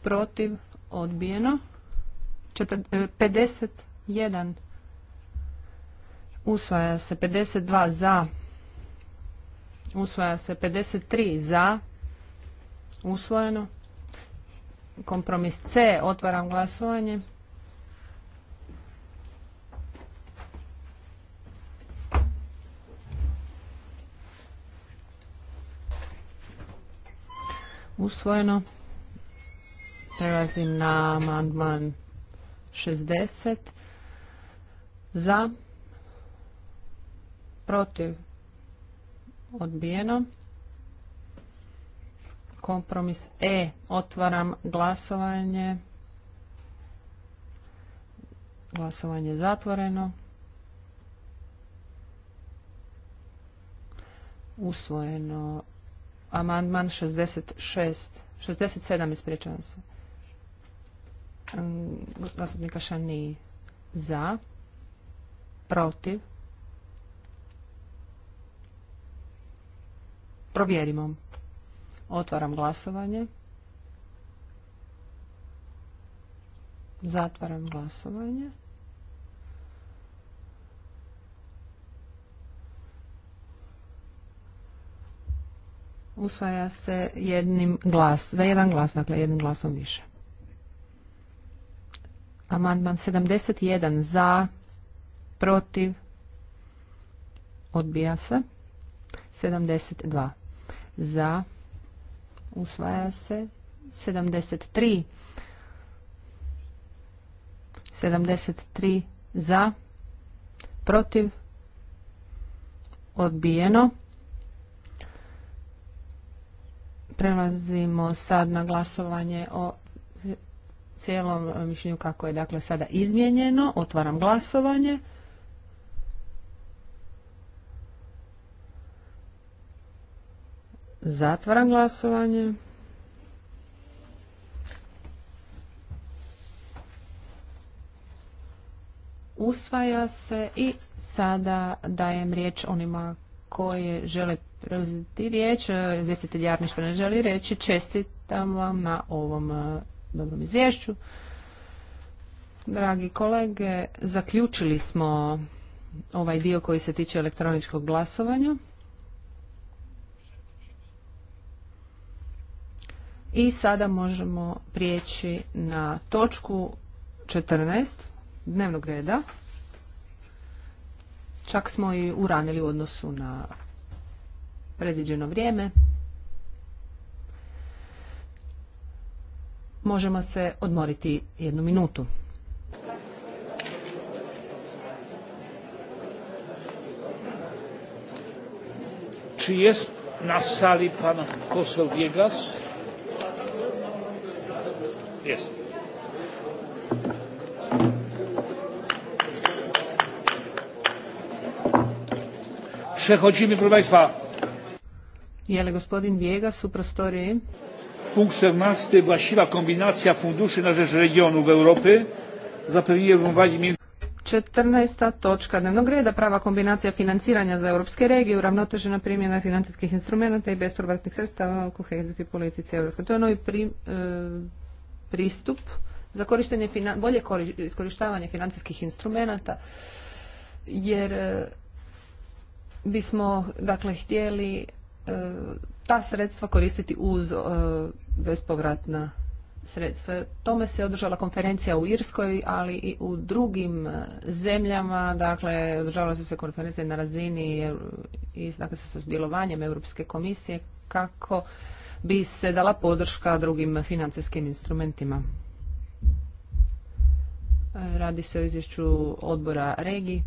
protiv, odbijeno. 51 e, usvaja se 52 za, usvaja se 53 za, usvojeno. Kompromis C, otvaram glasovanje. usvojeno. Prelazim na amandman 60. Za, protiv, odbijeno. Kompromis E. Otvaram glasovanje. Glasovanje zatvoreno. Usvojeno amandman 66, 67, ispričavam se. Zastupnika Šani za, protiv. Provjerimo. Otvaram glasovanje. Zatvaram glasovanje. Usvaja se jednim glas, za jedan glas, dakle jednim glasom više. Amandman 71 za, protiv, odbija se. 72 za, usvaja se. 73 73 za, protiv, odbijeno. Prelazimo sad na glasovanje o cijelom mišljenju kako je dakle sada izmijenjeno. Otvaram glasovanje. Zatvaram glasovanje. Usvaja se i sada dajem riječ onima koje žele preuzeti riječ, e, izvjestitelj što ne želi reći, čestitam vam na ovom e, dobrom izvješću. Dragi kolege, zaključili smo ovaj dio koji se tiče elektroničkog glasovanja. I sada možemo prijeći na točku 14 dnevnog reda. Čak smo i uranili u odnosu na predviđeno vrijeme. Možemo se odmoriti jednu minutu. Či jest na sali pan poseł Vegas? Jest. Przechodzimy, proszę Państwa. Je gospodin Wiega, u prostoriji? Punkt 14. Właściwa kombinacja funduszy na rzecz regionów Europy zapewnienie równowagi między... 14. točka dnevnog reda, prava kombinacija financiranja za europske regije, uravnotežena primjena financijskih instrumenta i bespovratnih sredstava u kohezijskoj politici Europske. To je novi pri, pristup za korištenje, bolje iskorištavanje financijskih instrumenata, jer bismo dakle htjeli e, ta sredstva koristiti uz e, bespovratna sredstva. Tome se održala konferencija u Irskoj, ali i u drugim e, zemljama. Dakle, održavala su se konferencije na razini i dakle, sa sudjelovanjem Europske komisije kako bi se dala podrška drugim financijskim instrumentima. Radi se o izvješću odbora regiji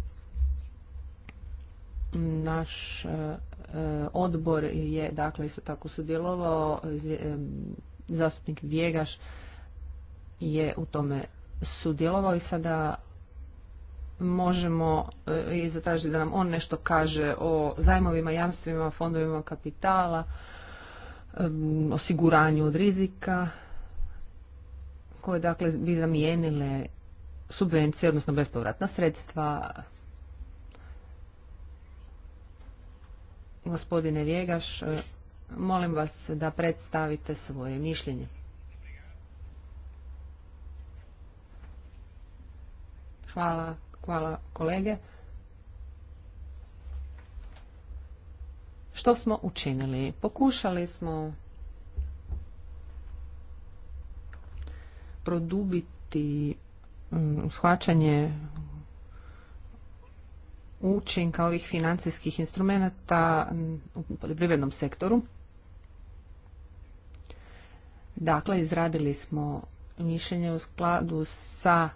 naš e, e, odbor je dakle isto tako sudjelovao, e, zastupnik Vjegaš je u tome sudjelovao i sada možemo i zatražiti da nam on nešto kaže o zajmovima, jamstvima, fondovima kapitala, osiguranju od rizika koje dakle bi zamijenile subvencije, odnosno bespovratna sredstva Gospodine Vjegaš, e, molim vas da predstavite svoje mišljenje. Hvala, hvala kolege. Što smo učinili? Pokušali smo produbiti mm, shvaćanje učinka ovih financijskih instrumenata u poljoprivrednom sektoru. Dakle, izradili smo mišljenje u skladu sa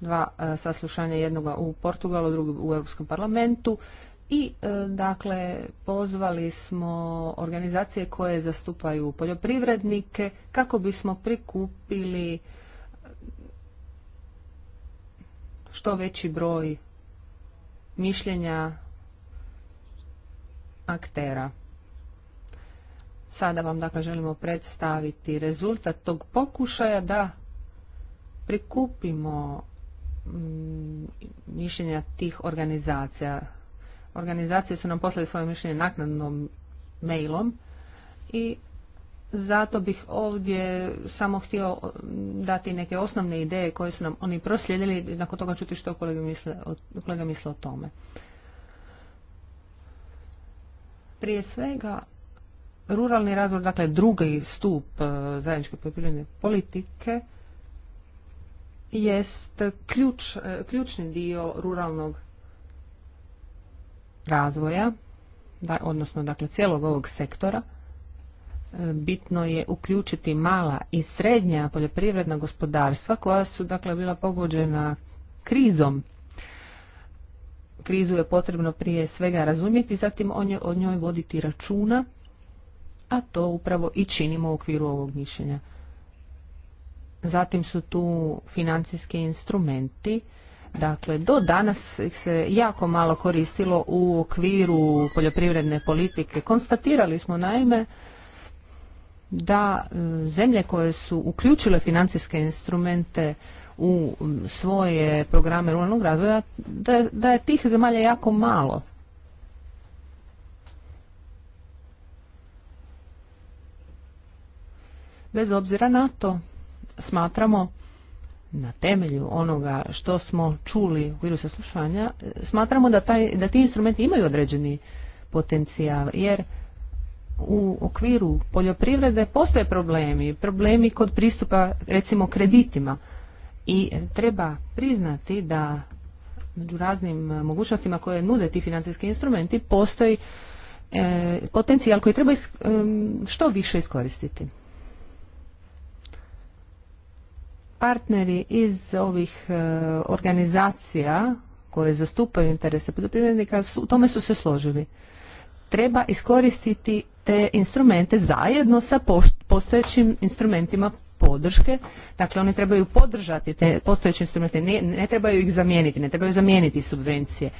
dva e, saslušanja, jednoga u Portugalu, drugog u Europskom parlamentu i e, dakle pozvali smo organizacije koje zastupaju poljoprivrednike kako bismo prikupili što veći broj mišljenja aktera. Sada vam dakle želimo predstaviti rezultat tog pokušaja da prikupimo mm, mišljenja tih organizacija. Organizacije su nam poslali svoje mišljenje naknadnom mailom i zato bih ovdje samo htio dati neke osnovne ideje koje su nam oni proslijedili, nakon toga čuti što kolega misle, kolega misle o tome. Prije svega, ruralni razvoj, dakle drugi stup e, zajedničke poljoprivredne politike, jest e, ključni dio ruralnog razvoja, odnosno dakle cijelog ovog sektora bitno je uključiti mala i srednja poljoprivredna gospodarstva koja su dakle bila pogođena krizom. Krizu je potrebno prije svega razumjeti, zatim o njoj, o njoj voditi računa, a to upravo i činimo u okviru ovog mišljenja. Zatim su tu financijski instrumenti. Dakle, do danas se jako malo koristilo u okviru poljoprivredne politike. Konstatirali smo naime da e, zemlje koje su uključile financijske instrumente u svoje programe ruralnog razvoja, da, da je tih zemalja jako malo. Bez obzira na to, smatramo na temelju onoga što smo čuli u okviru saslušanja, e, smatramo da, taj, da ti instrumenti imaju određeni potencijal, jer u okviru poljoprivrede postoje problemi, problemi kod pristupa recimo kreditima i treba priznati da među raznim mogućnostima koje nude ti financijski instrumenti postoji e, potencijal koji treba što više iskoristiti. Partneri iz ovih e, organizacija koje zastupaju interese poljoprivrednika, u tome su se složili treba iskoristiti te instrumente zajedno sa postojećim instrumentima podrške, dakle oni trebaju podržati te postojeće instrumente, ne, ne trebaju ih zamijeniti, ne trebaju zamijeniti subvencije.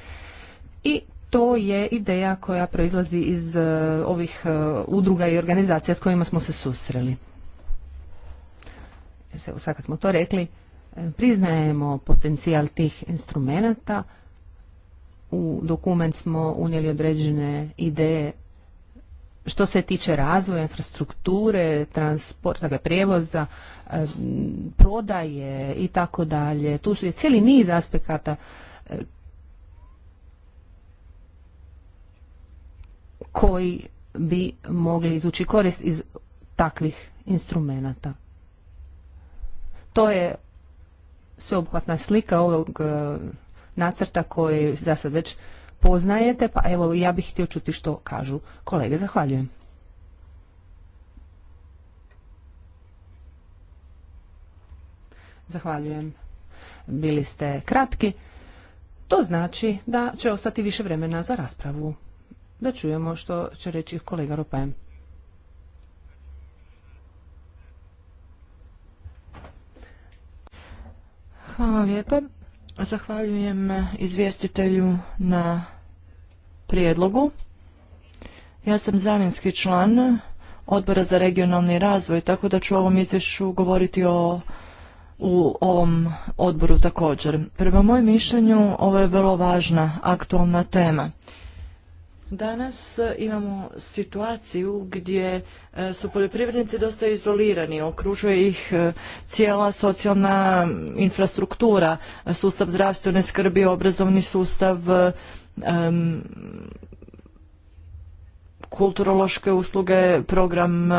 I to je ideja koja proizlazi iz e, ovih e, udruga i organizacija s kojima smo se susreli. Sada kad smo to rekli, e, priznajemo potencijal tih instrumenata, u dokument smo unijeli određene ideje što se tiče razvoja infrastrukture, transporta, dakle prijevoza, prodaje i tako dalje. Tu su je cijeli niz aspekata koji bi mogli izući korist iz takvih instrumenata. To je sveobuhvatna slika ovog nacrta koji za sad već poznajete, pa evo ja bih htio čuti što kažu kolege. Zahvaljujem. Zahvaljujem. Bili ste kratki. To znači da će ostati više vremena za raspravu. Da čujemo što će reći kolega Ropajem. Hvala lijepa. Zahvaljujem izvjestitelju na prijedlogu. Ja sam zamjenski član odbora za regionalni razvoj, tako da ću u ovom izvješću govoriti o u ovom odboru također. Prema mojem mišljenju ovo je vrlo važna aktualna tema. Danas e, imamo situaciju gdje e, su poljoprivrednici dosta izolirani, okružuje ih e, cijela socijalna infrastruktura, sustav zdravstvene skrbi, obrazovni sustav, kulturološke usluge, program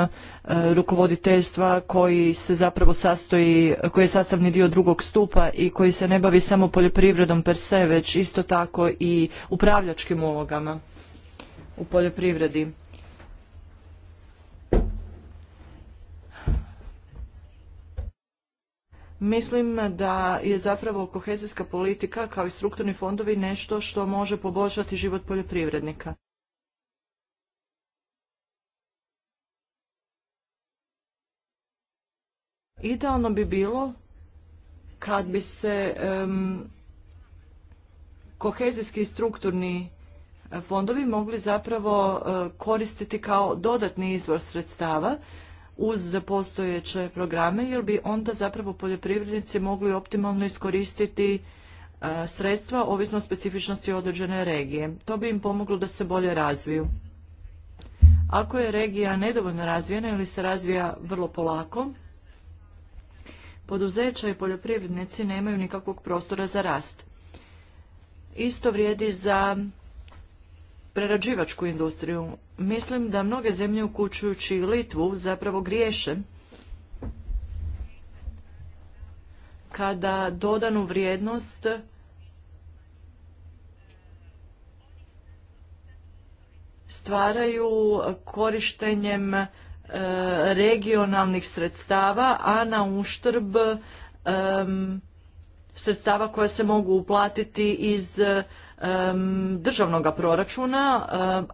rukovoditeljstva koji se zapravo sastoji, koji je sastavni dio drugog stupa i koji se ne bavi samo poljoprivredom per se, već isto tako i upravljačkim ulogama u poljoprivredi. Mislim da je zapravo kohezijska politika kao i strukturni fondovi nešto što može poboljšati život poljoprivrednika. Idealno bi bilo kad bi se kohezijski i strukturni fondovi mogli zapravo e, koristiti kao dodatni izvor sredstava uz postojeće programe jer bi onda zapravo poljoprivrednici mogli optimalno iskoristiti e, sredstva ovisno o specifičnosti određene regije. To bi im pomoglo da se bolje razviju. Ako je regija nedovoljno razvijena ili se razvija vrlo polako, poduzeća i poljoprivrednici nemaju nikakvog prostora za rast. Isto vrijedi za prerađivačku industriju. Mislim da mnoge zemlje, uključujući Litvu, zapravo griješe kada dodanu vrijednost stvaraju korištenjem e, regionalnih sredstava, a na uštrb sredstava koja se mogu uplatiti iz državnog proračuna,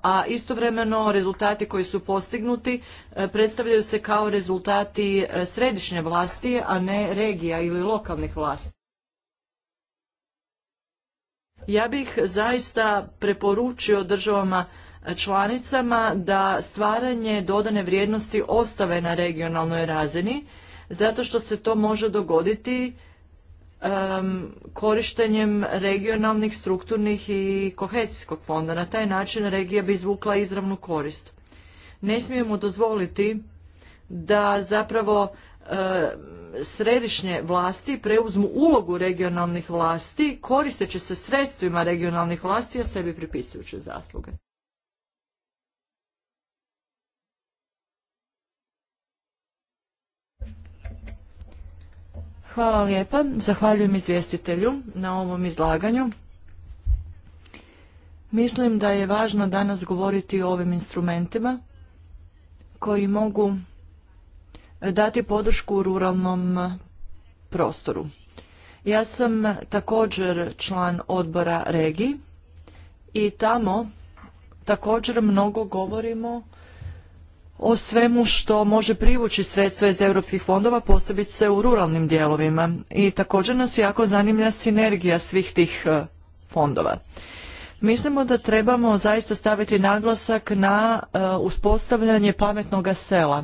a istovremeno rezultati koji su postignuti e, predstavljaju se kao rezultati e, središnje vlasti, a ne regija ili lokalnih vlasti. Ja bih zaista preporučio državama članicama da stvaranje dodane vrijednosti ostave na regionalnoj razini, zato što se to može dogoditi um, korištenjem regionalnih, strukturnih i kohezijskog fonda. Na taj način regija bi izvukla izravnu korist. Ne smijemo dozvoliti da zapravo središnje vlasti preuzmu ulogu regionalnih vlasti koristeći se sredstvima regionalnih vlasti, a sebi pripisujući zasluge. Hvala lijepa. Zahvaljujem izvjestitelju na ovom izlaganju. Mislim da je važno danas govoriti o ovim instrumentima koji mogu dati podršku u ruralnom prostoru. Ja sam također član odbora Regi i tamo također mnogo govorimo o svemu što može privući sredstva iz europskih fondova, posebice u ruralnim dijelovima. I također nas jako zanimlja sinergija svih tih e, fondova. Mislimo da trebamo zaista staviti naglasak na e, uspostavljanje pametnog sela.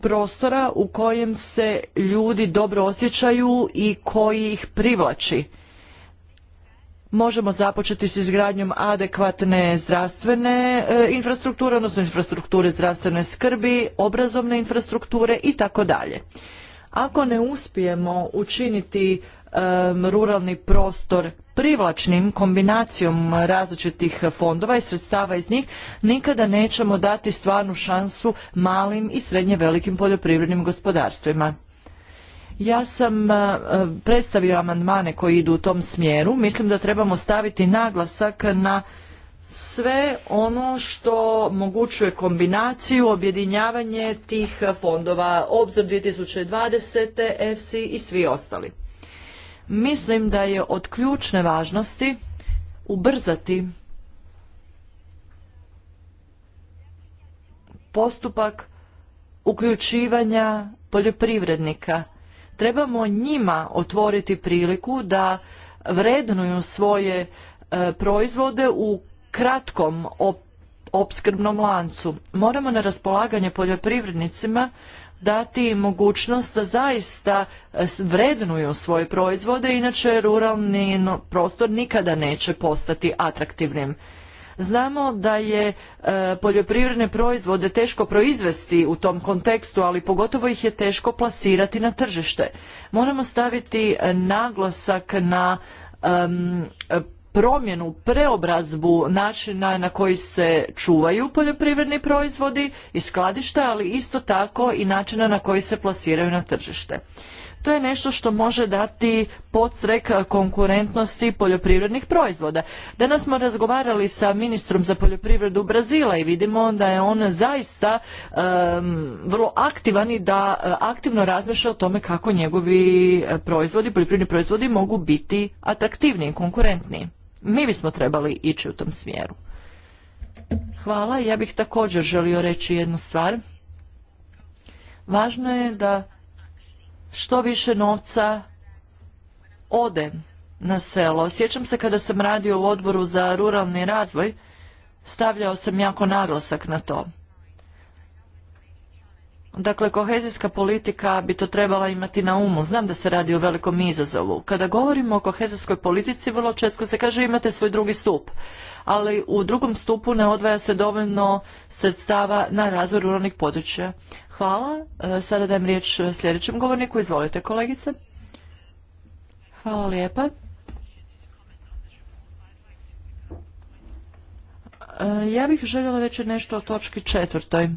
Prostora u kojem se ljudi dobro osjećaju i koji ih privlači možemo započeti s izgradnjom adekvatne zdravstvene e, infrastrukture, odnosno infrastrukture zdravstvene skrbi, obrazovne infrastrukture i tako dalje. Ako ne uspijemo učiniti ruralni prostor privlačnim kombinacijom različitih fondova i sredstava iz njih, nikada nećemo dati stvarnu šansu malim i srednje velikim poljoprivrednim gospodarstvima. Ja sam e, predstavio amandmane koji idu u tom smjeru. Mislim da trebamo staviti naglasak na sve ono što omogućuje kombinaciju, objedinjavanje tih fondova, obzor 2020, EFSI i svi ostali. Mislim da je od ključne važnosti ubrzati postupak uključivanja poljoprivrednika trebamo njima otvoriti priliku da vrednuju svoje e, proizvode u kratkom opskrbnom lancu. Moramo na raspolaganje poljoprivrednicima dati mogućnost da zaista e, vrednuju svoje proizvode, inače ruralni prostor nikada neće postati atraktivnim. Znamo da je e, poljoprivredne proizvode teško proizvesti u tom kontekstu, ali pogotovo ih je teško plasirati na tržište. Moramo staviti e, naglasak na promjenu, preobrazbu načina na koji se čuvaju poljoprivredni proizvodi i skladišta, ali isto tako i načina na koji se plasiraju na tržište to je nešto što može dati podstrek konkurentnosti poljoprivrednih proizvoda. Danas smo razgovarali sa ministrom za poljoprivredu Brazila i vidimo da je on zaista vrlo aktivan i da e, aktivno razmišlja o tome kako njegovi e, proizvodi, poljoprivredni proizvodi mogu biti atraktivniji i konkurentniji. Mi bismo trebali ići u tom smjeru. Hvala. Ja bih također želio reći jednu stvar. Važno je da što više novca ode na selo. Sjećam se kada sam radio u odboru za ruralni razvoj, stavljao sam jako naglasak na to. Dakle, kohezijska politika bi to trebala imati na umu. Znam da se radi o velikom izazovu. Kada govorimo o kohezijskoj politici, vrlo često se kaže imate svoj drugi stup. Ali u drugom stupu ne odvaja se dovoljno sredstava na razvoj ruralnih područja. Hvala. E, sada dajem riječ sljedećem govorniku. Izvolite, kolegice. Hvala lijepa. E, ja bih željela reći nešto o točki četvrtoj.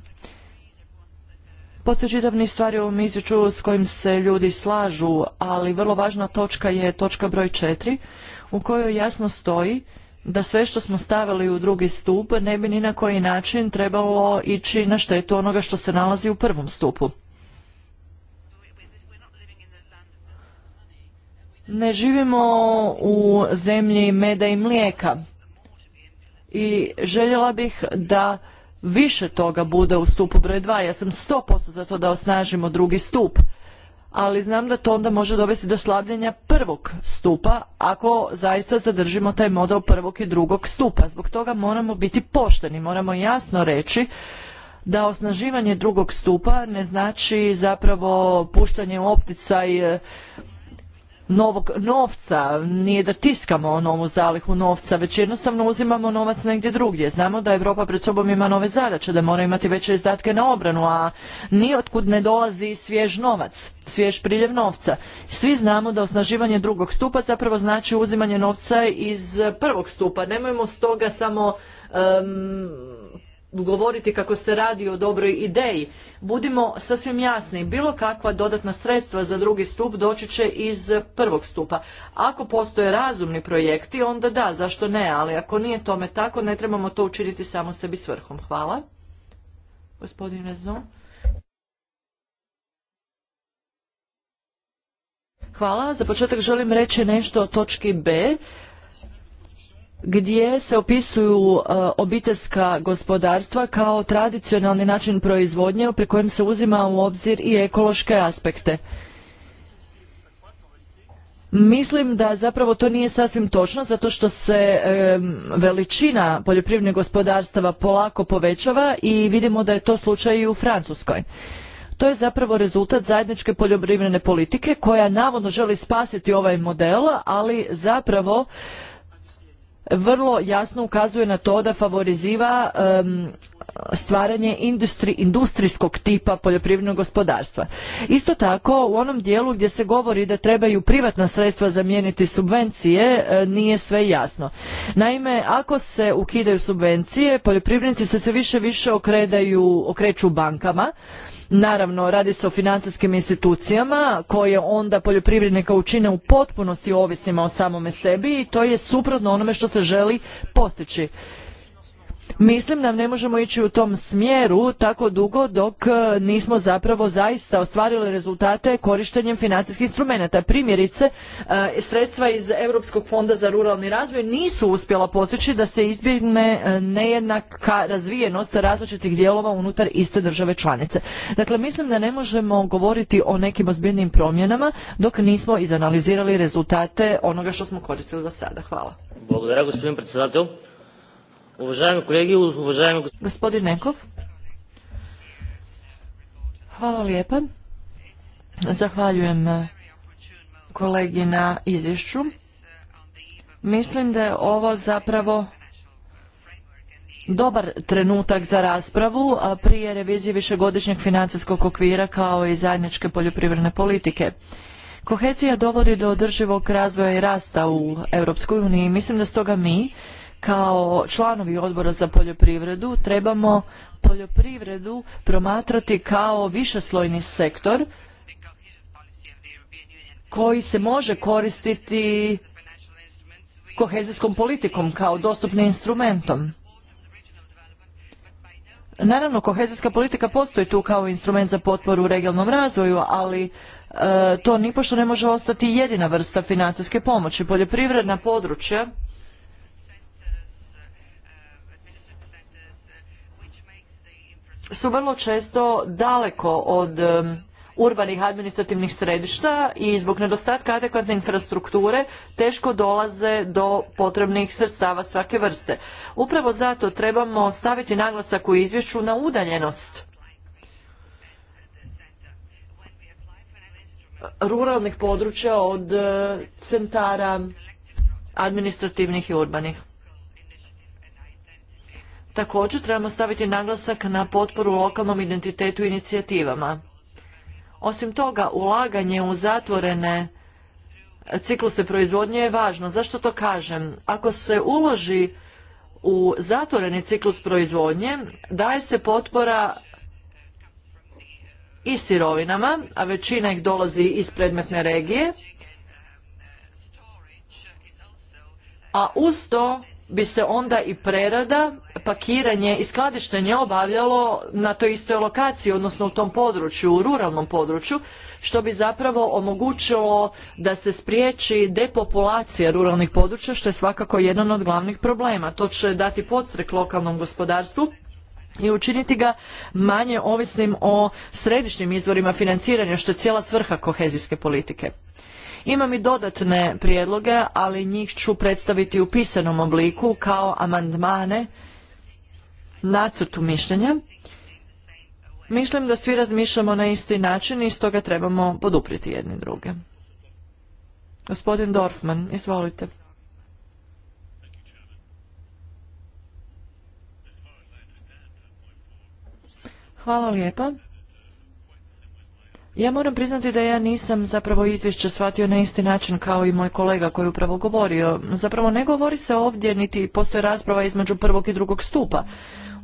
Postoji čitav niz stvari u ovom izvješću s kojim se ljudi slažu, ali vrlo važna točka je točka broj četiri u kojoj jasno stoji da sve što smo stavili u drugi stup ne bi ni na koji način trebalo ići na štetu onoga što se nalazi u prvom stupu. Ne živimo u zemlji meda i mlijeka i željela bih da više toga bude u stupu broj 2. Ja sam 100% za to da osnažimo drugi stup, ali znam da to onda može dovesti do slabljenja prvog stupa ako zaista zadržimo taj model prvog i drugog stupa. Zbog toga moramo biti pošteni, moramo jasno reći da osnaživanje drugog stupa ne znači zapravo puštanje u i novog novca, nije da tiskamo novu zalihu novca, već jednostavno uzimamo novac negdje drugdje. Znamo da Europa pred sobom ima nove zadaće, da mora imati veće izdatke na obranu, a nijotkud ne dolazi svjež novac, svjež priljev novca. Svi znamo da osnaživanje drugog stupa zapravo znači uzimanje novca iz prvog stupa. Nemojmo stoga samo govoriti kako se radi o dobroj ideji. Budimo sasvim jasni, bilo kakva dodatna sredstva za drugi stup doći će iz prvog stupa. Ako postoje razumni projekti, onda da, zašto ne, ali ako nije tome tako, ne trebamo to učiniti samo sebi svrhom. Hvala. gospodine Hvala. Za početak želim reći nešto o točki B gdje se opisuju uh, obiteljska gospodarstva kao tradicionalni način proizvodnje pri kojem se uzima u obzir i ekološke aspekte. Mislim da zapravo to nije sasvim točno zato što se veličina poljoprivrednih gospodarstava polako povećava i vidimo da je to slučaj i u Francuskoj. To je zapravo rezultat zajedničke poljoprivredne politike koja navodno želi spasiti ovaj model, ali zapravo vrlo jasno ukazuje na to da favoriziva stvaranje industrijskog tipa poljoprivrednog gospodarstva. Isto tako u onom dijelu gdje se govori da trebaju privatna sredstva zamijeniti subvencije e, nije sve jasno. Naime, ako se ukidaju subvencije poljoprivrednici se sve više više okreću bankama Naravno, radi se o financijskim institucijama koje onda poljoprivrednika učine u potpunosti ovisnima o samome sebi i to je suprotno onome što se želi postići. Mislim da ne možemo ići u tom smjeru tako dugo dok e, nismo zapravo zaista ostvarili rezultate korištenjem financijskih instrumenata. Primjerice, e, sredstva iz Europskog fonda za ruralni razvoj nisu uspjela postići da se izbjegne e, nejednaka razvijenost različitih dijelova unutar iste države članice. Dakle, mislim da ne možemo govoriti o nekim ozbiljnim promjenama dok nismo izanalizirali rezultate onoga što smo koristili do sada. Hvala. Уважаеми колеги, уважаеми... Gospodin Nekov. Hvala lijepa. Zahvaljujem kolegi na izvješću. Mislim da je ovo zapravo dobar trenutak za raspravu a prije revizije višegodišnjeg financijskog okvira kao i zajedničke poljoprivredne politike. Kohecija dovodi do održivog razvoja i rasta u Europskoj uniji. Mislim da stoga mi kao članovi odbora za poljoprivredu trebamo poljoprivredu promatrati kao višeslojni sektor koji se može koristiti kohezijskom politikom kao dostupnim instrumentom. Naravno, kohezijska politika postoji tu kao instrument za potporu u regionalnom razvoju, ali e, to nipošto ne može ostati jedina vrsta financijske pomoći. Poljoprivredna područja su vrlo često daleko od urbanih administrativnih središta i zbog nedostatka adekvatne infrastrukture teško dolaze do potrebnih sredstava svake vrste. Upravo zato trebamo staviti naglasak u izvješću na udaljenost ruralnih područja od centara administrativnih i urbanih. Također trebamo staviti naglasak na potporu lokalnom identitetu i inicijativama. Osim toga, ulaganje u zatvorene cikluse proizvodnje je važno. Zašto to kažem? Ako se uloži u zatvoreni ciklus proizvodnje, daje se potpora i sirovinama, a većina ih dolazi iz predmetne regije, a uz to bi se onda i prerada, pakiranje i skladištenje obavljalo na toj istoj lokaciji, odnosno u tom području, u ruralnom području, što bi zapravo omogućilo da se spriječi depopulacija ruralnih područja, što je svakako jedan od glavnih problema. To će dati podstrek lokalnom gospodarstvu, i učiniti ga manje ovisnim o središnjim izvorima financiranja, što je cijela svrha kohezijske politike. Imam i dodatne prijedloge, ali njih ću predstaviti u pisanom obliku kao amandmane nacrtu mišljenja. Mislim da svi razmišljamo na isti način i stoga trebamo poduprijeti jedni druge. Gospodin Dorfman, izvolite. Hvala lijepa. Ja moram priznati da ja nisam zapravo izvješće shvatio na isti način kao i moj kolega koji je upravo govorio. Zapravo ne govori se ovdje niti postoje rasprava između prvog i drugog stupa.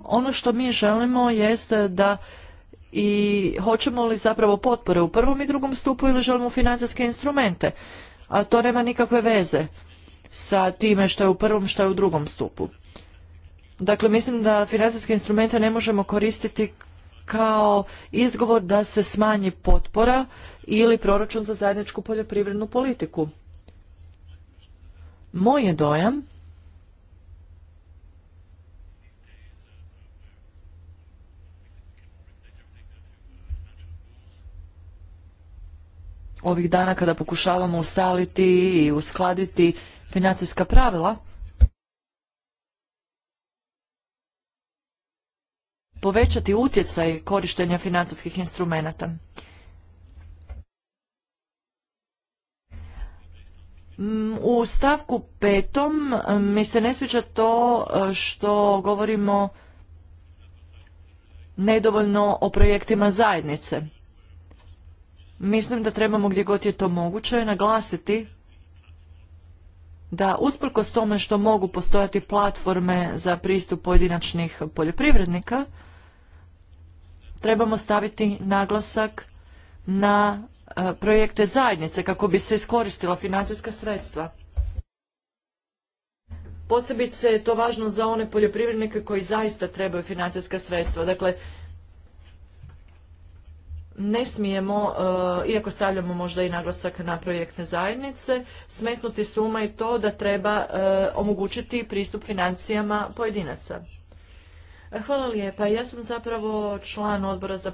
Ono što mi želimo jest da i hoćemo li zapravo potpore u prvom i drugom stupu ili želimo financijske instrumente. A to nema nikakve veze sa time što je u prvom, što je u drugom stupu. Dakle, mislim da financijske instrumente ne možemo koristiti kao izgovor da se smanji potpora ili proračun za zajedničku poljoprivrednu politiku. Moj je dojam ovih dana kada pokušavamo ustaliti i uskladiti financijska pravila povećati utjecaj korištenja financijskih instrumenata. Mm, u stavku petom mm, mi se ne sviđa to e, što govorimo nedovoljno o projektima zajednice. Mislim da trebamo gdje god je to moguće naglasiti da usprkos tome što mogu postojati platforme za pristup pojedinačnih poljoprivrednika, trebamo staviti naglasak na e, projekte zajednice kako bi se iskoristila financijska sredstva. Posebice je to važno za one poljoprivrednike koji zaista trebaju financijska sredstva. Dakle, ne smijemo, eh, iako stavljamo možda i naglasak na projektne zajednice, smetnuti suma i to da treba eh, omogućiti pristup financijama pojedinaca. Eh, hvala lijepa. Ja sam zapravo član odbora za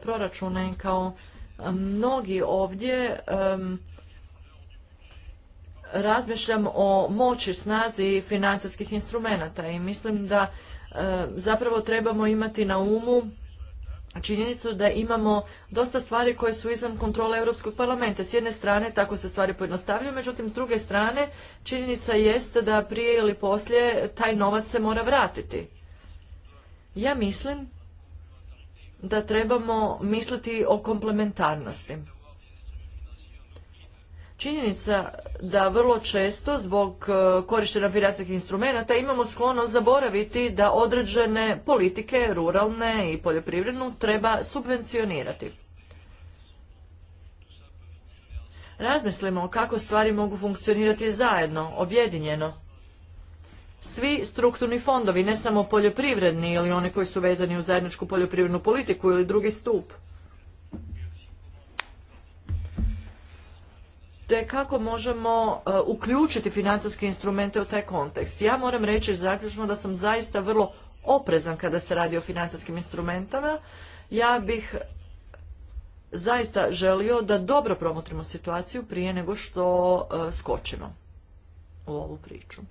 i kao mnogi ovdje razmišljam o moći, snazi financijskih instrumenata i mislim da zapravo trebamo imati na umu činjenicu da imamo dosta stvari koje su izvan kontrole Europskog parlamenta. S jedne strane tako se stvari pojednostavljuju, međutim s druge strane činjenica jeste da prije ili poslije taj novac se mora vratiti. Ja mislim da trebamo misliti o komplementarnosti činjenica da vrlo često zbog e, korištenja financijskih instrumenata imamo sklonost zaboraviti da određene politike ruralne i poljoprivrednu treba subvencionirati. Razmislimo kako stvari mogu funkcionirati zajedno, objedinjeno. Svi strukturni fondovi, ne samo poljoprivredni ili oni koji su vezani u zajedničku poljoprivrednu politiku ili drugi stup. te kako možemo e, uključiti financijske instrumente u taj kontekst. Ja moram reći zaključno da sam zaista vrlo oprezan kada se radi o financijskim instrumentama. Ja bih zaista želio da dobro promotrimo situaciju prije nego što e, skočimo u ovu priču.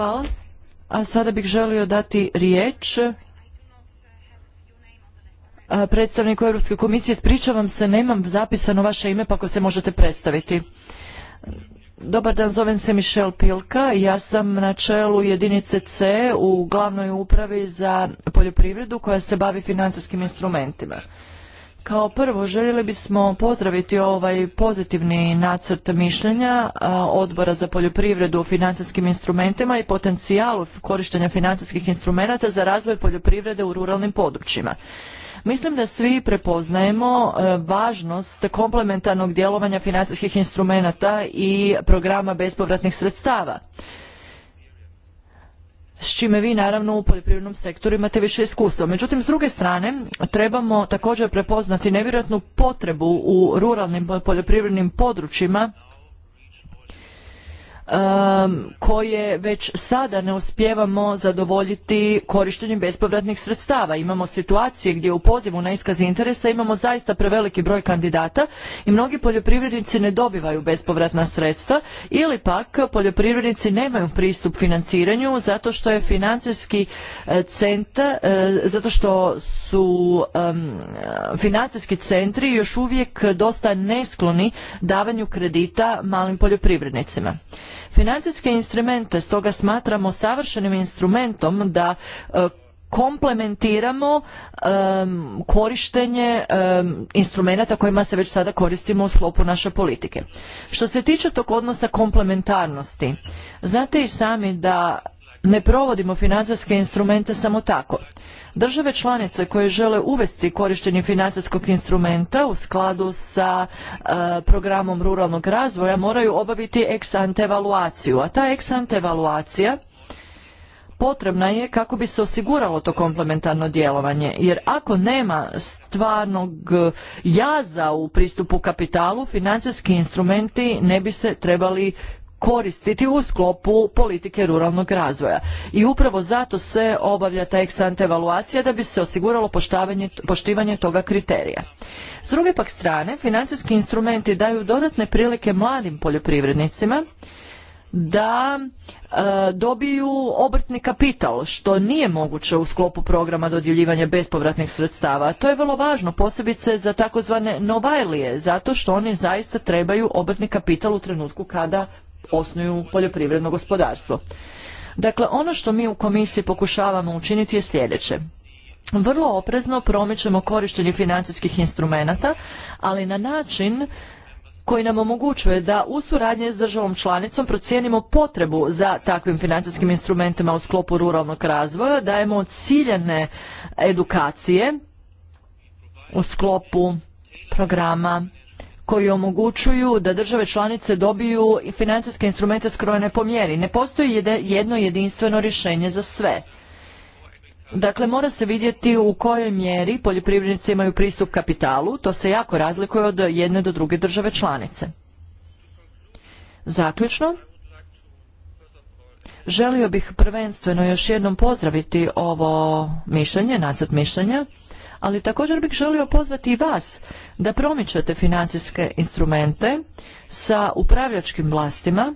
Hvala. A sada bih želio dati riječ predstavniku Europske komisije. Spričavam se, nemam zapisano vaše ime, pa ako se možete predstaviti. Dobar dan, zovem se Mišel Pilka. Ja sam na čelu jedinice C u glavnoj upravi za poljoprivredu koja se bavi financijskim instrumentima. Kao prvo željeli bismo pozdraviti ovaj pozitivni nacrt mišljenja odbora za poljoprivredu o financijskim instrumentima i potencijalu korištenja financijskih instrumenata za razvoj poljoprivrede u ruralnim područjima. Mislim da svi prepoznajemo e, važnost komplementarnog djelovanja financijskih instrumenata i programa bespovratnih sredstava s čime vi naravno u poljoprivrednom sektoru imate više iskustva. Međutim, s druge strane, trebamo također prepoznati nevjerojatnu potrebu u ruralnim poljoprivrednim područjima koje već sada ne uspijevamo zadovoljiti korištenjem bespovratnih sredstava. Imamo situacije gdje u pozivu na iskaz interesa imamo zaista preveliki broj kandidata i mnogi poljoprivrednici ne dobivaju bespovratna sredstva ili pak poljoprivrednici nemaju pristup financiranju zato što je financijski e, centar, e, zato što su financijski centri još uvijek dosta neskloni davanju kredita malim poljoprivrednicima. Financijske instrumente stoga smatramo savršenim instrumentom da e, komplementiramo korištenje um, instrumenata kojima se već sada koristimo u slopu naše politike. Što se tiče tog odnosa komplementarnosti, znate i sami da ne provodimo financijske instrumente samo tako. Države članice koje žele uvesti korištenje financijskog instrumenta u skladu sa e, programom ruralnog razvoja moraju obaviti ex ante evaluaciju, a ta ex ante evaluacija potrebna je kako bi se osiguralo to komplementarno djelovanje jer ako nema stvarnog jaza u pristupu kapitalu financijski instrumenti ne bi se trebali koristiti u sklopu politike ruralnog razvoja. I upravo zato se obavlja ta eksante evaluacija da bi se osiguralo poštivanje toga kriterija. S druge pak strane, financijski instrumenti daju dodatne prilike mladim poljoprivrednicima da e, dobiju obrtni kapital što nije moguće u sklopu programa dodjeljivanja bespovratnih sredstava to je vrlo važno posebice za takozvane novajlije zato što oni zaista trebaju obrtni kapital u trenutku kada osnuju poljoprivredno gospodarstvo. Dakle, ono što mi u komisiji pokušavamo učiniti je sljedeće. Vrlo oprezno promičemo korištenje financijskih instrumenata, ali na način koji nam omogućuje da u suradnji s državom članicom procijenimo potrebu za takvim financijskim instrumentima u sklopu ruralnog razvoja, dajemo ciljene edukacije u sklopu programa koji omogućuju da države članice dobiju financijske instrumente skrojene po mjeri. Ne postoji jedno jedinstveno rješenje za sve. Dakle, mora se vidjeti u kojoj mjeri poljoprivrednici imaju pristup kapitalu, to se jako razlikuje od jedne do druge države članice. Zaključno, želio bih prvenstveno još jednom pozdraviti ovo mišljenje, nacrt mišljenja ali također bih želio pozvati i vas da promičete financijske instrumente sa upravljačkim vlastima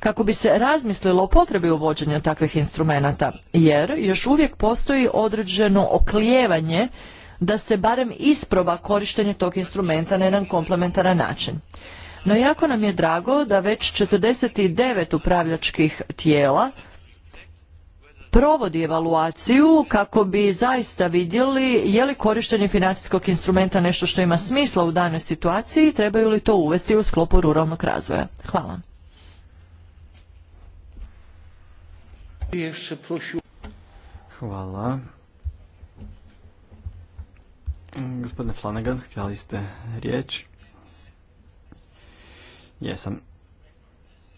kako bi se razmislilo o potrebi uvođenja takvih instrumenata, jer još uvijek postoji određeno oklijevanje da se barem isproba korištenje tog instrumenta na jedan komplementaran način. No jako nam je drago da već 49 upravljačkih tijela provodi evaluaciju kako bi zaista vidjeli je li korištenje financijskog instrumenta nešto što ima smisla u danoj situaciji i trebaju li to uvesti u sklopu ruralnog razvoja. Hvala. Hvala. Gospodine Flanagan, htjeli ste riječ? Jesam.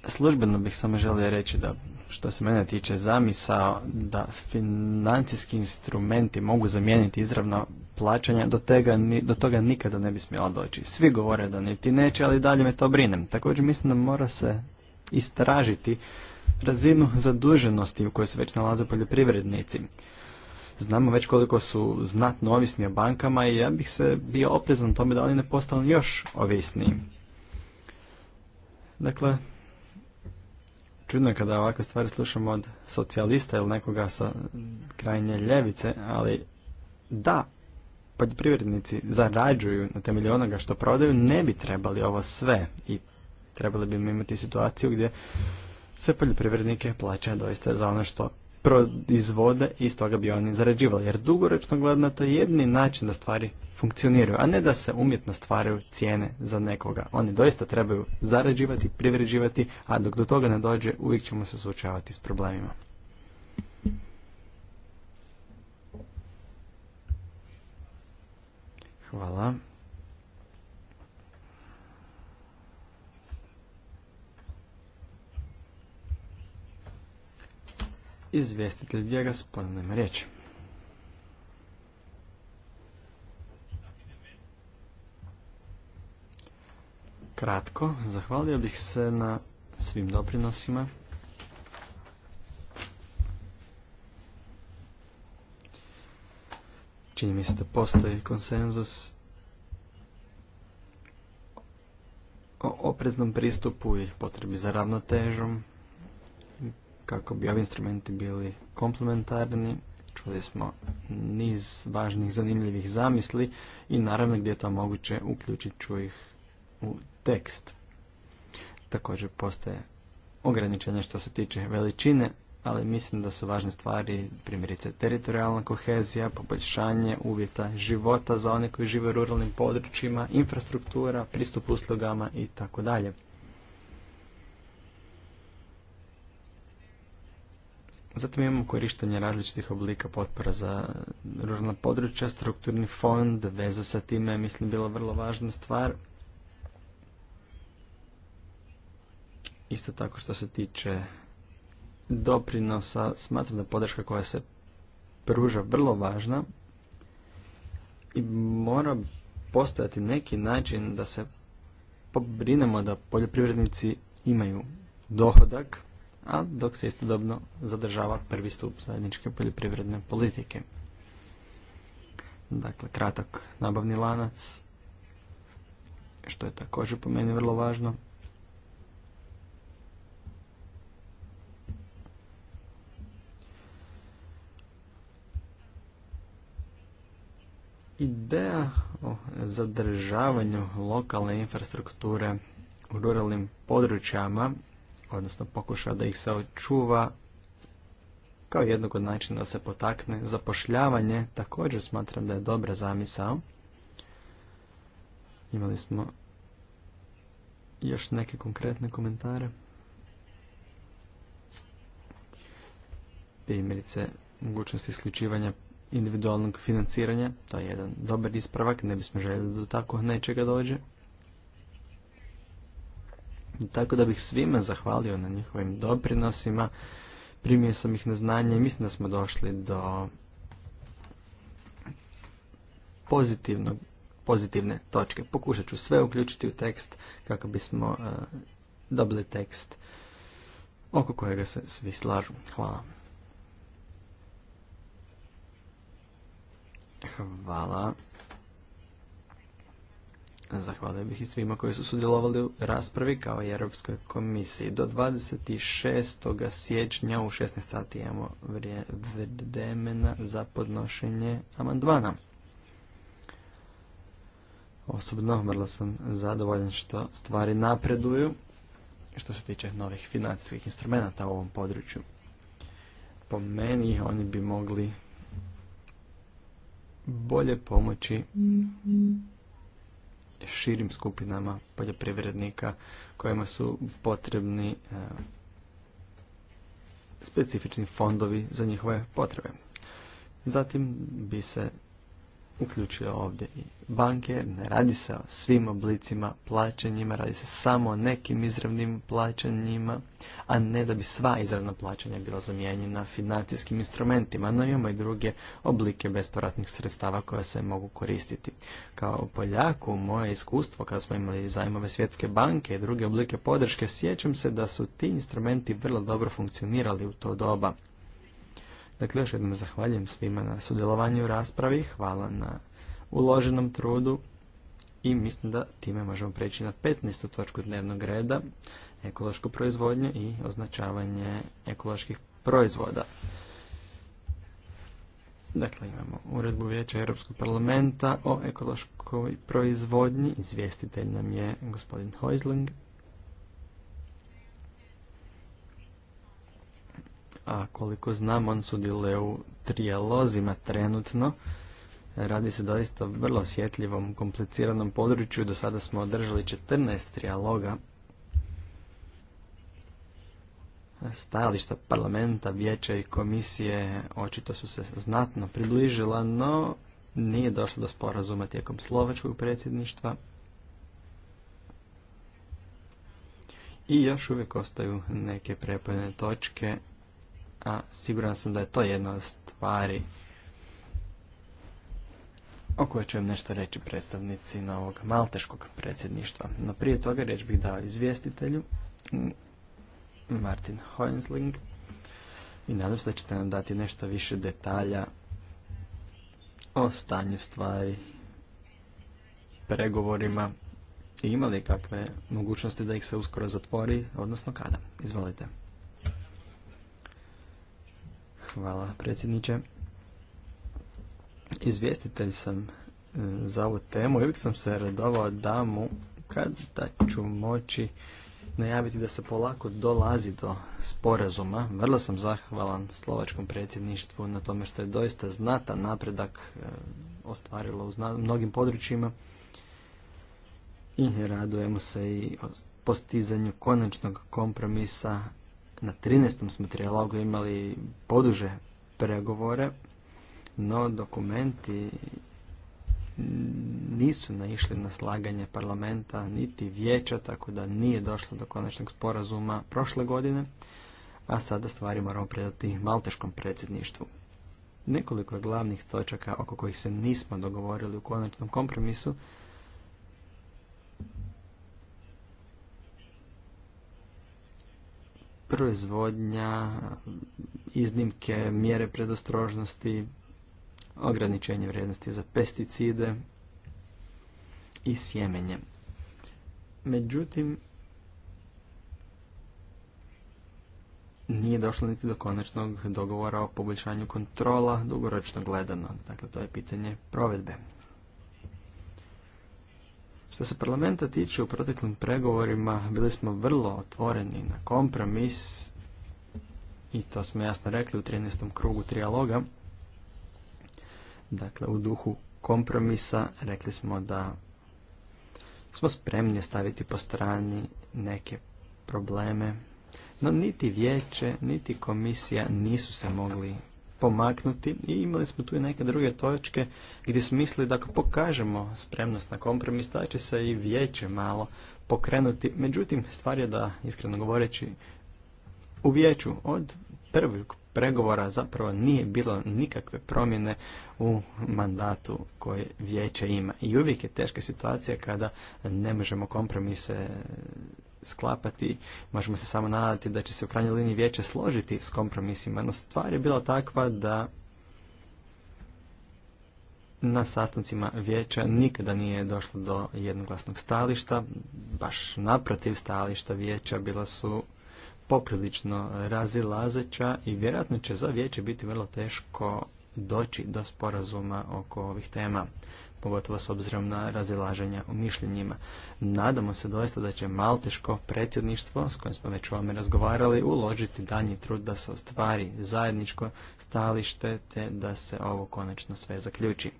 Službeno bih samo želio reći da što se mene tiče zamisao da financijski instrumenti mogu zamijeniti izravno plaćanja, do, tega, do toga nikada ne bi smjela doći. Svi govore da niti neće, ali dalje me to brinem. Također mislim da mora se istražiti razinu zaduženosti u kojoj se već nalaze poljoprivrednici. Znamo već koliko su znatno ovisni o bankama i ja bih se bio oprezan tome da oni ne postanu još ovisniji. Dakle, čudno je kada ovakve stvari slušamo od socijalista ili nekoga sa krajnje ljevice, ali da, poljoprivrednici zarađuju na temelju onoga što prodaju, ne bi trebali ovo sve i trebali bi imati situaciju gdje se poljoprivrednike plaća doista za ono što proizvode i toga bi oni zarađivali. Jer dugoročno gledano to je jedni način da stvari funkcioniraju, a ne da se umjetno stvaraju cijene za nekoga. Oni doista trebaju zarađivati, privređivati, a dok do toga ne dođe uvijek ćemo se suočavati s problemima. Hvala. Izvjestitelj Vjegas, ponavljamo riječ. Kratko, zahvalio bih se na svim doprinosima. Čini mi se da postoji konsenzus o opreznom pristupu i potrebi za ravnotežom kako bi ovi instrumenti bili komplementarni. Čuli smo niz važnih zanimljivih zamisli i naravno gdje je to moguće uključit ću ih u tekst. Također postoje ograničenja što se tiče veličine, ali mislim da su važne stvari, primjerice teritorijalna kohezija, poboljšanje uvjeta života za one koji žive u ruralnim područjima, infrastruktura, pristup uslugama i tako dalje. Zatim imamo korištenje različitih oblika potpora za ruralna područja, strukturni fond, veza sa time je mislim bila vrlo važna stvar. Isto tako što se tiče doprinosa, smatram da podrška koja se pruža vrlo važna i mora postojati neki način da se pobrinemo da poljoprivrednici imaju dohodak, a dok se istodobno zadržava prvi stup zajedničke poljoprivredne politike. Dakle, kratak nabavni lanac, što je također po meni vrlo važno. Ideja o zadržavanju lokalne infrastrukture u ruralnim područjama, odnosno pokuša da ih se očuva kao jednog od načina da se potakne zapošljavanje, također smatram da je dobra zamisao. Imali smo još neke konkretne komentare. Primjerice, mogućnost isključivanja individualnog financiranja. To je jedan dobar ispravak, ne bismo željeli da do tako nečega dođe. Tako da bih svima zahvalio na njihovim doprinosima. Primio sam ih na znanje i mislim da smo došli do pozitivne točke. Pokušat ću sve uključiti u tekst kako bismo eh, dobili tekst oko kojega se svi slažu. Hvala. Hvala. Zahvalio bih i svima koji su sudjelovali u raspravi kao i Europskoj komisiji. Do 26. siječnja u 16 sati imamo vremena za podnošenje amandmana. Osobno vrlo sam zadovoljan što stvari napreduju što se tiče novih financijskih instrumenta u ovom području. Po meni oni bi mogli bolje pomoći mhm. širim skupinama poljoprivrednika kojima su potrebni e, specifični fondovi za njihove potrebe. Zatim bi se uključuje ovdje i banke, ne radi se o svim oblicima plaćanjima, radi se samo o nekim izravnim plaćanjima, a ne da bi sva izravna plaćanja bila zamijenjena financijskim instrumentima, no imamo i druge oblike besporatnih sredstava koja se mogu koristiti. Kao Poljaku, moje iskustvo kada smo imali zajmove Svjetske banke i druge oblike podrške, sjećam se da su ti instrumenti vrlo dobro funkcionirali u to doba Dakle, još jednom zahvaljujem svima na sudjelovanju u raspravi, hvala na uloženom trudu i mislim da time možemo preći na 15. točku dnevnog reda, ekološku proizvodnju i označavanje ekoloških proizvoda. Dakle, imamo uredbu Vijeća Europskog parlamenta o ekološkoj proizvodnji. Izvjestitelj nam je gospodin Hojzling. a koliko znam on sudjeluje u trijalozima trenutno. Radi se doista o vrlo osjetljivom, kompliciranom području. Do sada smo održali 14 trijaloga. Stajališta parlamenta, vijeća i komisije očito su se znatno približila, no nije došlo do sporazuma tijekom slovačkog predsjedništva. I još uvijek ostaju neke prepojene točke a siguran sam da je to jedna od stvari o kojoj ću vam nešto reći predstavnici novog malteškog predsjedništva. No prije toga reč bih dao izvjestitelju mm, Martin Hoensling i nadam se da ćete nam dati nešto više detalja o stanju stvari, pregovorima i imali kakve mogućnosti da ih se uskoro zatvori, odnosno kada. Izvolite. Hvala predsjedniče. Izvjestitelj sam e, za ovu temu i uvijek sam se radovao da mu kada ću moći najaviti da se polako dolazi do sporazuma. Vrlo sam zahvalan slovačkom predsjedništvu na tome što je doista znatan napredak e, ostvarilo u mnogim područjima i radujemo se i postizanju konačnog kompromisa na 13. smo trijalogu imali poduže pregovore, no dokumenti nisu naišli na slaganje parlamenta niti vijeća, tako da nije došlo do konačnog sporazuma prošle godine, a sada stvari moramo predati malteškom predsjedništvu. Nekoliko je glavnih točaka oko kojih se nismo dogovorili u konačnom kompromisu proizvodnja, iznimke, mjere predostrožnosti, ograničenje vrijednosti za pesticide i sjemenje. Međutim, nije došlo niti do konačnog dogovora o poboljšanju kontrola dugoročno gledano. Dakle, to je pitanje provedbe. Što se parlamenta tiče u proteklim pregovorima bili smo vrlo otvoreni na kompromis i to smo jasno rekli u 13. krugu trijaloga. Dakle, u duhu kompromisa rekli smo da smo spremni staviti po strani neke probleme, no niti vijeće, niti komisija nisu se mogli pomaknuti i imali smo tu i neke druge točke gdje smo mislili da ako pokažemo spremnost na kompromis, da će se i vijeće malo pokrenuti. Međutim, stvar je da, iskreno govoreći, u vijeću od prvog pregovora zapravo nije bilo nikakve promjene u mandatu koje vijeće ima. I uvijek je teška situacija kada ne možemo kompromise sklapati. Možemo se samo nadati da će se u krajnjoj liniji vijeće složiti s kompromisima, no stvar je bila takva da na sastancima vijeća nikada nije došlo do jednoglasnog stališta, baš naprotiv stališta vijeća bila su poprilično razilazeća i vjerojatno će za vijeće biti vrlo teško doći do sporazuma oko ovih tema pogotovo s obzirom na razilaženja u mišljenjima. Nadamo se doista da će Malteško predsjedništvo, s kojim smo već o ovome razgovarali, uložiti danji trud da se ostvari zajedničko stalište te da se ovo konačno sve zaključi.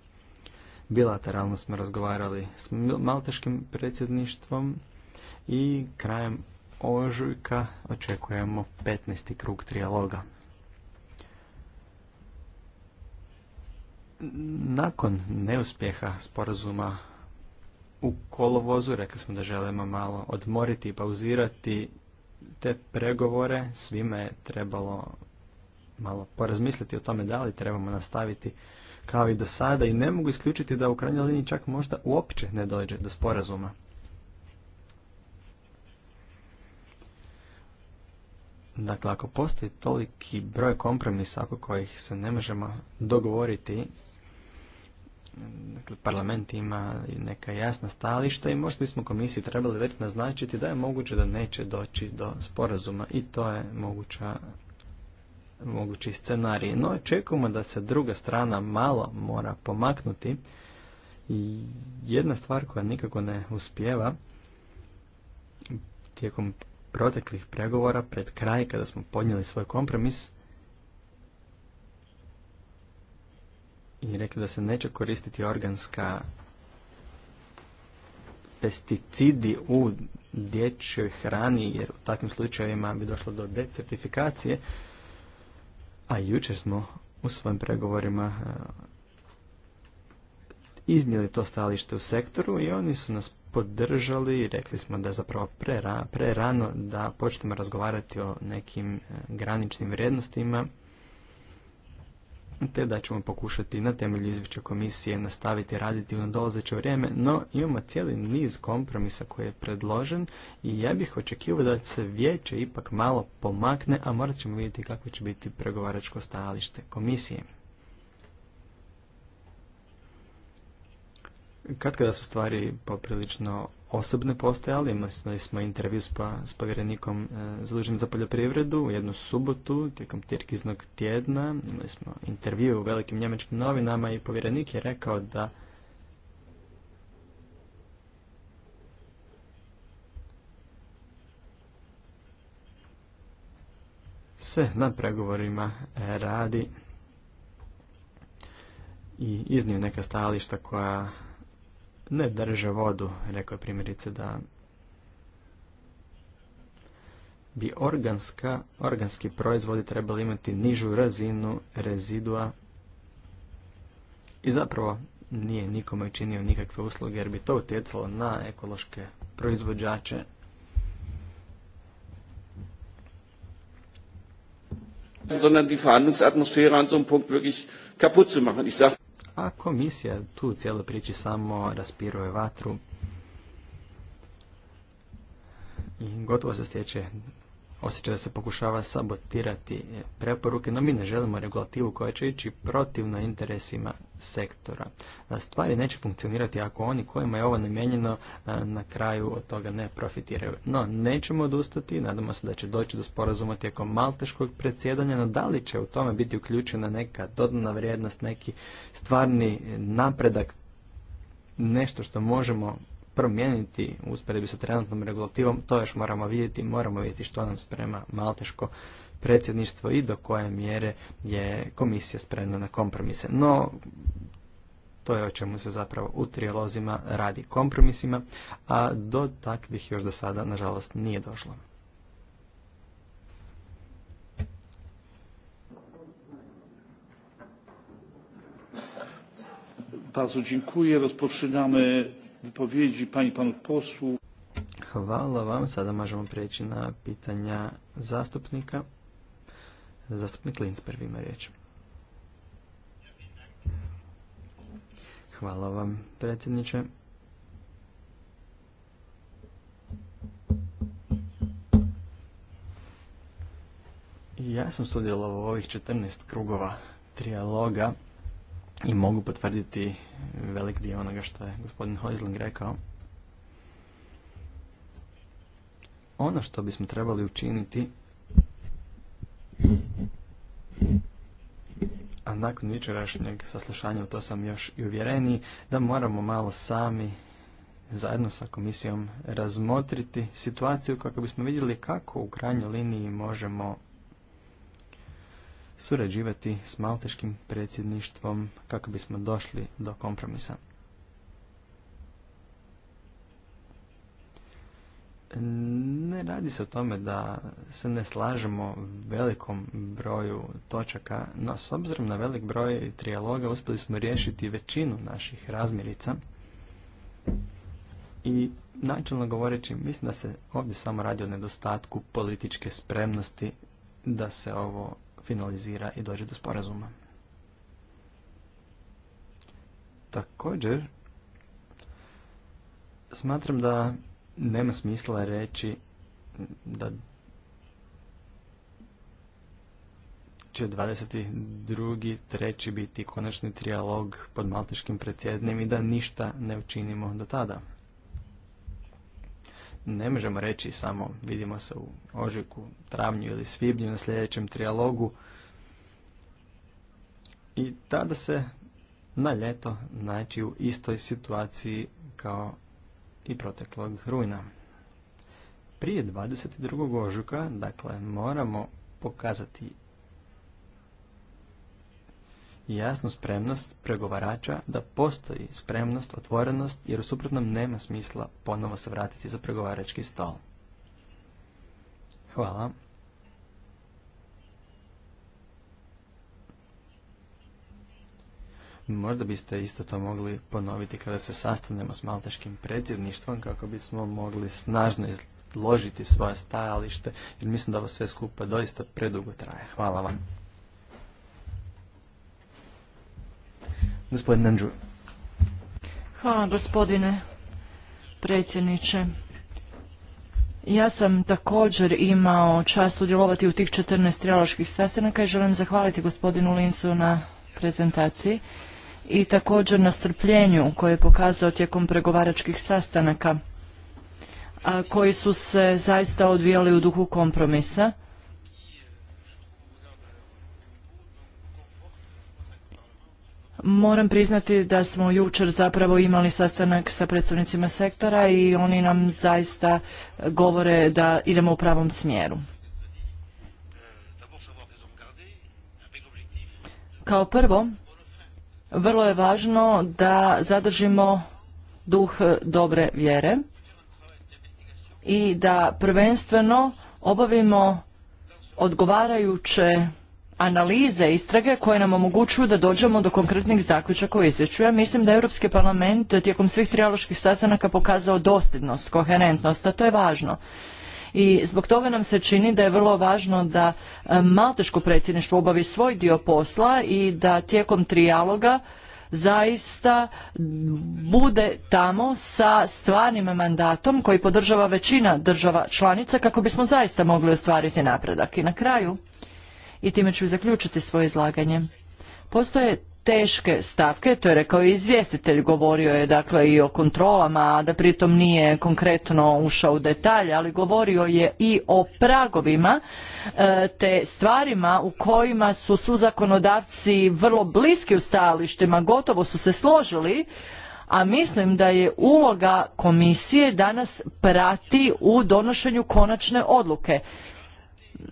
Bilateralno smo razgovarali s Malteškim predsjedništvom i krajem ožujka očekujemo 15. krug trijaloga. Nakon neuspjeha sporazuma u kolovozu, rekli smo da želimo malo odmoriti i pauzirati te pregovore, svime je trebalo malo porazmisliti o tome da li trebamo nastaviti kao i do sada i ne mogu isključiti da u krajnjoj liniji čak možda uopće ne dođe do sporazuma. Dakle, ako postoji toliki broj kompromisa oko kojih se ne možemo dogovoriti, Dakle, parlament ima neka jasna stališta i možda bismo komisiji trebali već naznačiti da je moguće da neće doći do sporazuma i to je moguća mogući scenarij. No, očekujemo da se druga strana malo mora pomaknuti. I jedna stvar koja nikako ne uspjeva tijekom proteklih pregovora pred kraj kada smo podnijeli svoj kompromis i rekli da se neće koristiti organska pesticidi u dječjoj hrani jer u takvim slučajevima bi došlo do decertifikacije. A jučer smo u svojim pregovorima e, iznijeli to stalište u sektoru i oni su nas podržali i rekli smo da je zapravo prerano pre da počnemo razgovarati o nekim e, graničnim vrijednostima te da ćemo pokušati na temelju izvješća komisije nastaviti raditi u nadolazeće vrijeme, no imamo cijeli niz kompromisa koji je predložen i ja bih očekivao da se vijeće ipak malo pomakne, a morat ćemo vidjeti kako će biti pregovaračko stajalište komisije. Kad kada su stvari poprilično osobno postojali, imali smo intervju s pa, povjerenikom e, zaduženim za poljoprivredu u jednu subotu tijekom tirkiznog tjedna. Imali smo intervju u velikim njemačkim novinama i povjerenik je rekao da se na pregovorima e, radi i iznio neka stajališta koja ne drže vodu. Rekao je primjerice da bi organska, organski proizvodi trebali imati nižu razinu rezidua i zapravo nije nikome činio nikakve usluge jer bi to utjecalo na ekološke proizvođače. sondern die Verhandlungsatmosphäre an so einem Punkt wirklich kaputt zu machen. Ich a komisija tu u cijeloj priči samo raspiruje vatru i gotovo se stječe osjeća da se pokušava sabotirati preporuke, no mi ne želimo regulativu koja će ići protivno interesima sektora. Stvari neće funkcionirati ako oni kojima je ovo namijenjeno na kraju od toga ne profitiraju. No, nećemo odustati, nadamo se da će doći do sporazuma tijekom malteškog predsjedanja, no da li će u tome biti uključena neka dodana vrijednost, neki stvarni napredak, nešto što možemo promijeniti u usporedbi sa trenutnom regulativom, to još moramo vidjeti, moramo vidjeti što nam sprema malteško predsjedništvo i do koje mjere je komisija spremna na kompromise. No, to je o čemu se zapravo u trijalozima radi kompromisima, a do takvih još do sada, nažalost, nije došlo. Bardzo dziękuję. Rozpoczynamy wypowiedzi pani i Hvala vam. Sada možemo prijeći na pitanja zastupnika. Zastupnik Linz prvi ima riječ. Hvala vam, predsjedniče. Ja sam sudjelovao u ovih 14 krugova trijaloga i mogu potvrditi velik dio onoga što je gospodin Hoizling rekao. Ono što bismo trebali učiniti a nakon jučerašnjeg saslušanja, to sam još i uvjereniji, da moramo malo sami zajedno sa komisijom razmotriti situaciju kako bismo vidjeli kako u krajnjoj liniji možemo surađivati s malteškim predsjedništvom kako bismo došli do kompromisa. Ne radi se o tome da se ne slažemo velikom broju točaka, no s obzirom na velik broj trijaloga uspjeli smo riješiti većinu naših razmirica i načelno govoreći mislim da se ovdje samo radi o nedostatku političke spremnosti da se ovo finalizira i dođe do sporazuma. Također, smatram da nema smisla reći da će 22. treći biti konačni trijalog pod malteškim predsjednim i da ništa ne učinimo do tada ne možemo reći samo vidimo se u ožujku, travnju ili svibnju na sljedećem trijalogu i tada se na ljeto naći u istoj situaciji kao i proteklog rujna. Prije 22. ožuka, dakle, moramo pokazati jasnu spremnost pregovarača da postoji spremnost, otvorenost, jer u suprotnom nema smisla ponovo se vratiti za pregovarački stol. Hvala. Možda biste isto to mogli ponoviti kada se sastanemo s malteškim predsjedništvom kako bismo mogli snažno izložiti svoje stajalište jer mislim da ovo sve skupa doista predugo traje. Hvala vam. Gospodin Andrew. Hvala gospodine predsjedniče. Ja sam također imao čast sudjelovati u tih 14 trialoških sastanaka i želim zahvaliti gospodinu Linsu na prezentaciji i također na strpljenju koje je pokazao tijekom pregovaračkih sastanaka koji su se zaista odvijali u duhu kompromisa Moram priznati da smo jučer zapravo imali sastanak sa predstavnicima sektora i oni nam zaista govore da idemo u pravom smjeru. Kao prvo, vrlo je važno da zadržimo duh dobre vjere i da prvenstveno obavimo odgovarajuće analize, istrage koje nam omogućuju da dođemo do konkretnih zaključaka u izvješću. Ja mislim da je Europski parlament tijekom svih trijaloških sastanaka pokazao dosljednost, koherentnost, a to je važno i zbog toga nam se čini da je vrlo važno da e, malteško predsjedništvo obavi svoj dio posla i da tijekom trijaloga zaista bude tamo sa stvarnim mandatom koji podržava većina država članica kako bismo zaista mogli ostvariti napredak. I na kraju i time ću zaključiti svoje izlaganje. Postoje teške stavke, to je rekao i izvjestitelj, govorio je dakle i o kontrolama, a da pritom nije konkretno ušao u detalje, ali govorio je i o pragovima e, te stvarima u kojima su zakonodavci vrlo bliski u stajalištima, gotovo su se složili, a mislim da je uloga komisije danas prati u donošenju konačne odluke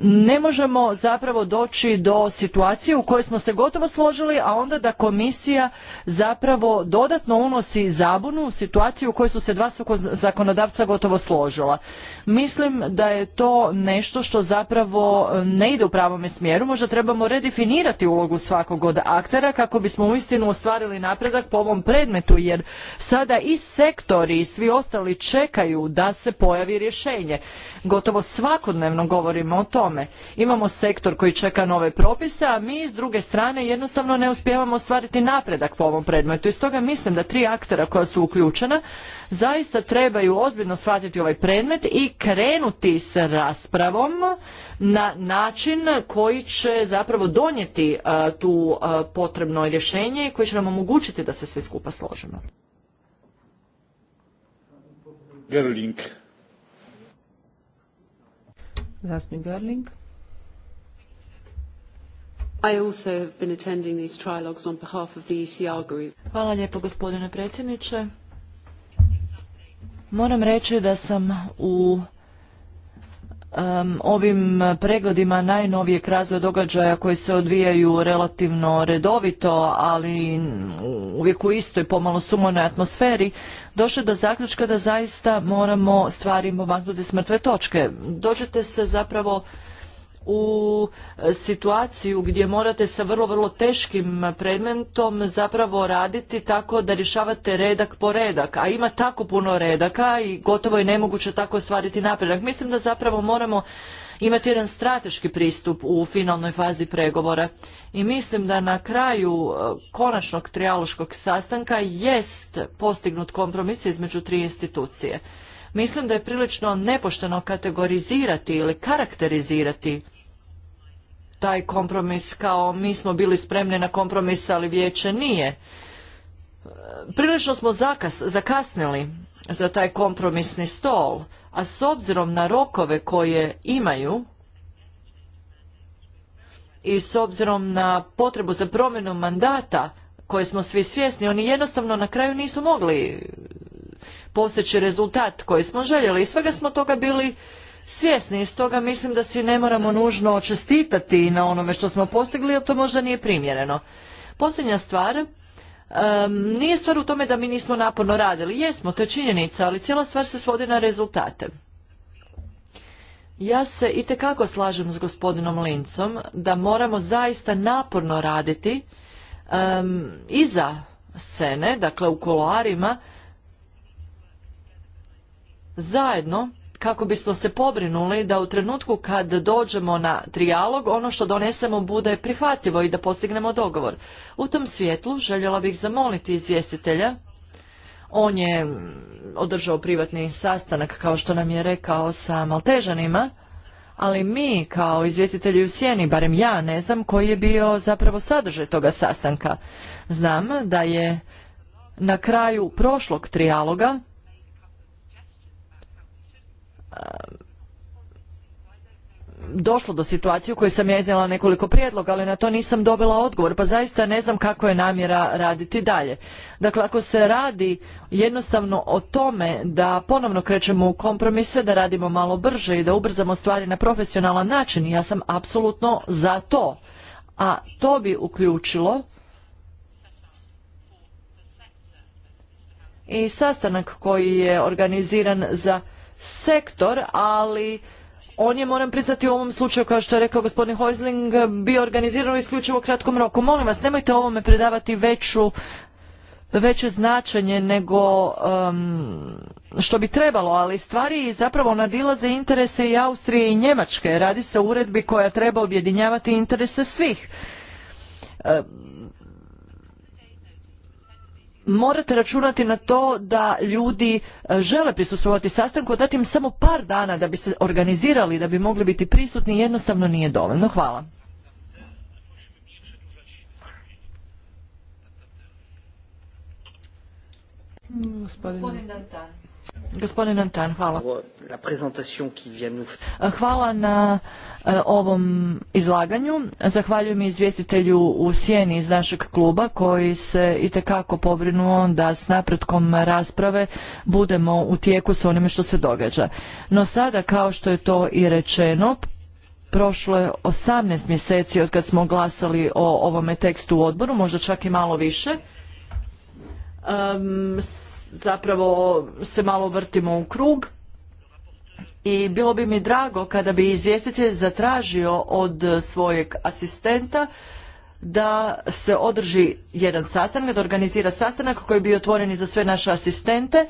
ne možemo zapravo doći do situacije u kojoj smo se gotovo složili, a onda da komisija zapravo dodatno unosi zabunu u situaciju u kojoj su se dva zakonodavca gotovo složila. Mislim da je to nešto što zapravo e, ne ide u pravome smjeru. Možda trebamo redefinirati ulogu svakog od aktera kako bismo uistinu ostvarili napredak po ovom predmetu, jer sada i sektori i svi ostali čekaju da se pojavi rješenje. Gotovo svakodnevno govorimo o tome. Imamo sektor koji čeka nove propise, a mi s druge strane jednostavno ne uspijevamo ostvariti napredak po ovom predmetu. I stoga mislim da tri aktera koja su uključena zaista trebaju ozbiljno shvatiti ovaj predmet i krenuti s raspravom na način koji će zapravo donijeti e, tu e, potrebno rješenje i koji će nam omogućiti da se svi skupa složimo. Gerling. Zastupnik Görling. I been attending these e Hvala lijepo gospodine predsjedniče. Moram reći da sam u ovim pregledima najnovijeg razvoja događaja koji se odvijaju relativno redovito, ali uvijek u istoj pomalo sumornoj atmosferi, došli do zaključka da zaista moramo stvari pomaknuti s mrtve točke. Dođete se zapravo u e, situaciju gdje morate sa vrlo, vrlo teškim predmetom zapravo raditi tako da rješavate redak po redak, a ima tako puno redaka i gotovo je nemoguće tako ostvariti napredak. Mislim da zapravo moramo imati jedan strateški pristup u finalnoj fazi pregovora i mislim da na kraju e, konačnog trijaloškog sastanka jest postignut kompromis između tri institucije. Mislim da je prilično nepošteno kategorizirati ili karakterizirati taj kompromis kao mi smo bili spremni na kompromis, ali vijeće nije. Prilično smo zakas, zakasnili za taj kompromisni stol, a s obzirom na rokove koje imaju i s obzirom na potrebu za promjenu mandata koje smo svi svjesni, oni jednostavno na kraju nisu mogli postići rezultat koji smo željeli i svega smo toga bili svjesni. I stoga mislim da si ne moramo nužno čestitati na onome što smo postigli, jer to možda nije primjereno. Posljednja stvar, nije stvar u tome da mi nismo naporno radili. Jesmo, to je činjenica, ali cijela stvar se svodi na rezultate. Ja se itekako slažem s gospodinom Lincom da moramo zaista naporno raditi iza scene, dakle u koloarima. zajedno kako bismo se pobrinuli da u trenutku kad dođemo na trijalog ono što donesemo bude prihvatljivo i da postignemo dogovor. U tom svjetlu željela bih zamoliti izvjestitelja. On je održao privatni sastanak kao što nam je rekao sa Maltežanima, ali mi kao izvjestitelji u sjeni, barem ja ne znam koji je bio zapravo sadržaj toga sastanka. Znam da je na kraju prošlog trijaloga došlo do situacije u kojoj sam ja iznijela nekoliko prijedloga, ali na to nisam dobila odgovor, pa zaista ne znam kako je namjera raditi dalje. Dakle, ako se radi jednostavno o tome da ponovno krećemo u kompromise, da radimo malo brže i da ubrzamo stvari na profesionalan način, ja sam apsolutno za to. A to bi uključilo i sastanak koji je organiziran za sektor, ali on je, moram priznati, u ovom slučaju, kao što je rekao gospodin Hojzling, bio organiziran u isključivo kratkom roku. Molim vas, nemojte ovome predavati veću veće značenje nego što bi trebalo, ali stvari zapravo nadilaze interese i Austrije i Njemačke. Radi se o uredbi koja treba objedinjavati interese svih morate računati na to da ljudi e, žele prisustvovati sastanku, dati im samo par dana da bi se organizirali, da bi mogli biti prisutni, jednostavno nije dovoljno. Hvala. Gospodin Dantan. Gospodin Antan, hvala. Eh, hvala na eh, ovom izlaganju. Zahvaljujem izvjestitelju u sjeni iz našeg kluba koji se i itekako pobrinuo da s napretkom rasprave budemo u tijeku s onim što se događa. No sada, kao što je to i rečeno, prošlo je 18 mjeseci od kad smo glasali o ovome tekstu u odboru, možda čak i malo više zapravo se malo vrtimo u krug i bilo bi mi drago kada bi izvjestitelj zatražio od svojeg asistenta da se održi jedan sastanak, da organizira sastanak koji bi otvoren i za sve naše asistente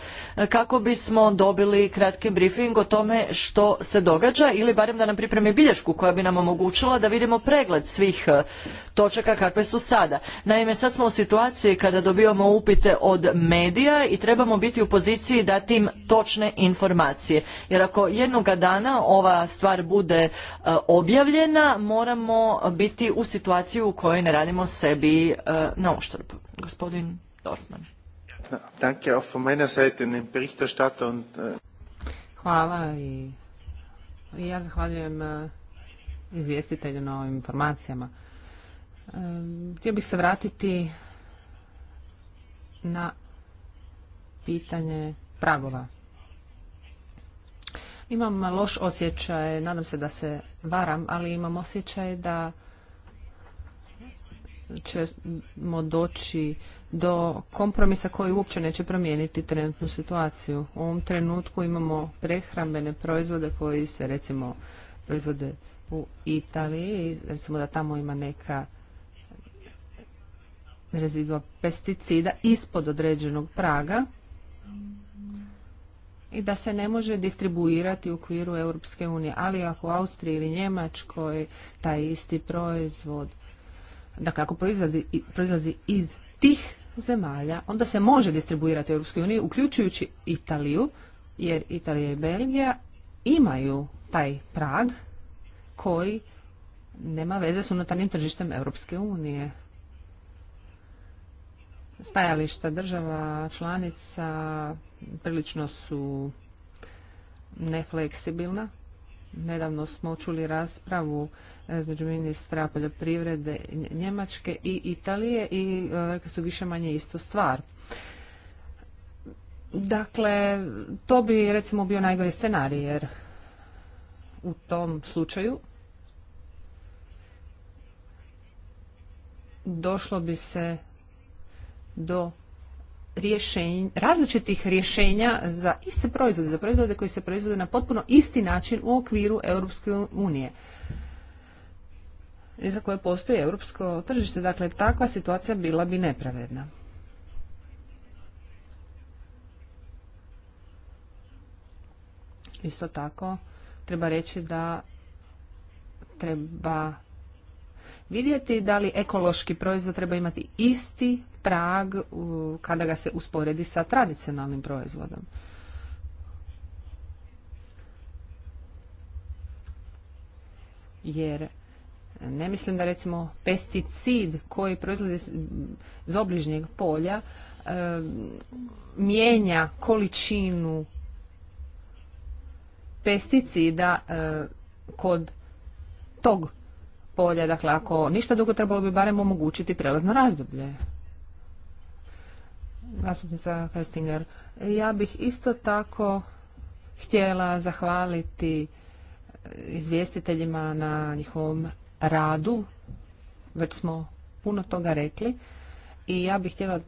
kako bismo dobili kratki briefing o tome što se događa ili barem da nam pripremi bilješku koja bi nam omogućila da vidimo pregled svih točaka kakve su sada. Naime, sad smo u situaciji kada dobivamo upite od medija i trebamo biti u poziciji dati im točne informacije. Jer ako jednoga dana ova stvar bude e, objavljena, moramo biti u situaciji u kojoj ne radimo sebi e, na uštrb. Gospodin Hvala i ja zahvaljujem e, izvjestitelju na ovim informacijama. Htio bih se vratiti na pitanje pragova. Imam loš osjećaj, nadam se da se varam, ali imam osjećaj da ćemo doći do kompromisa koji uopće neće promijeniti trenutnu situaciju. U ovom trenutku imamo prehrambene proizvode koji se recimo proizvode u Italiji, recimo da tamo ima neka rezidua pesticida ispod određenog praga i da se ne može distribuirati u okviru Europske unije. Ali ako u Austriji ili Njemačkoj taj isti proizvod, dakle ako proizlazi, proizlazi iz tih zemalja, onda se može distribuirati u Europskoj uniji, uključujući Italiju, jer Italija i Belgija imaju taj prag koji nema veze s unutarnjim tržištem Europske unije stajališta država članica prilično su nefleksibilna. Nedavno smo čuli raspravu e, između ministra poljoprivrede Njemačke i Italije i e, rekli su više manje istu stvar. Dakle, to bi recimo bio najgori scenarij jer u tom slučaju došlo bi se do rješenja, različitih rješenja za iste proizvode, za proizvode koji se proizvode na potpuno isti način u okviru Europske unije i za koje postoji europsko tržište. Dakle, takva situacija bila bi nepravedna. Isto tako, treba reći da treba vidjeti da li ekološki proizvod treba imati isti prag kada ga se usporedi sa tradicionalnim proizvodom. Jer ne mislim da recimo pesticid koji proizlazi iz obližnjeg polja e, mijenja količinu pesticida e, kod tog polja. Dakle, ako ništa dugo trebalo bi barem omogućiti prelazno razdoblje. Zastupnica Köstinger, ja bih isto tako htjela zahvaliti e, izvjestiteljima na njihovom radu. Već smo puno toga rekli i ja bih htjela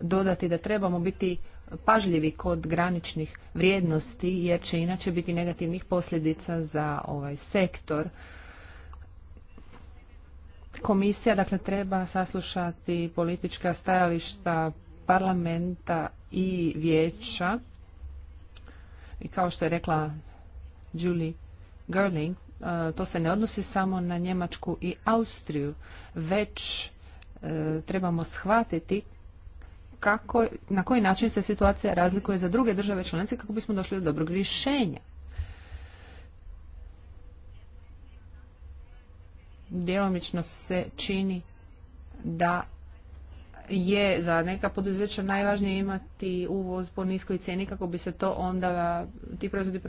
dodati da trebamo biti pažljivi kod graničnih vrijednosti jer će inače biti negativnih posljedica za ovaj sektor. Komisija dakle treba saslušati politička stajališta parlamenta i vijeća i kao što je rekla Julie Gerling, e, to se ne odnosi samo na Njemačku i Austriju, već e, trebamo shvatiti kako, na koji način se situacija razlikuje za druge države članice kako bismo došli do dobrog rješenja. Djelomično se čini da je za neka poduzeća najvažnije imati uvoz po niskoj cijeni kako bi se to onda ti proizvodi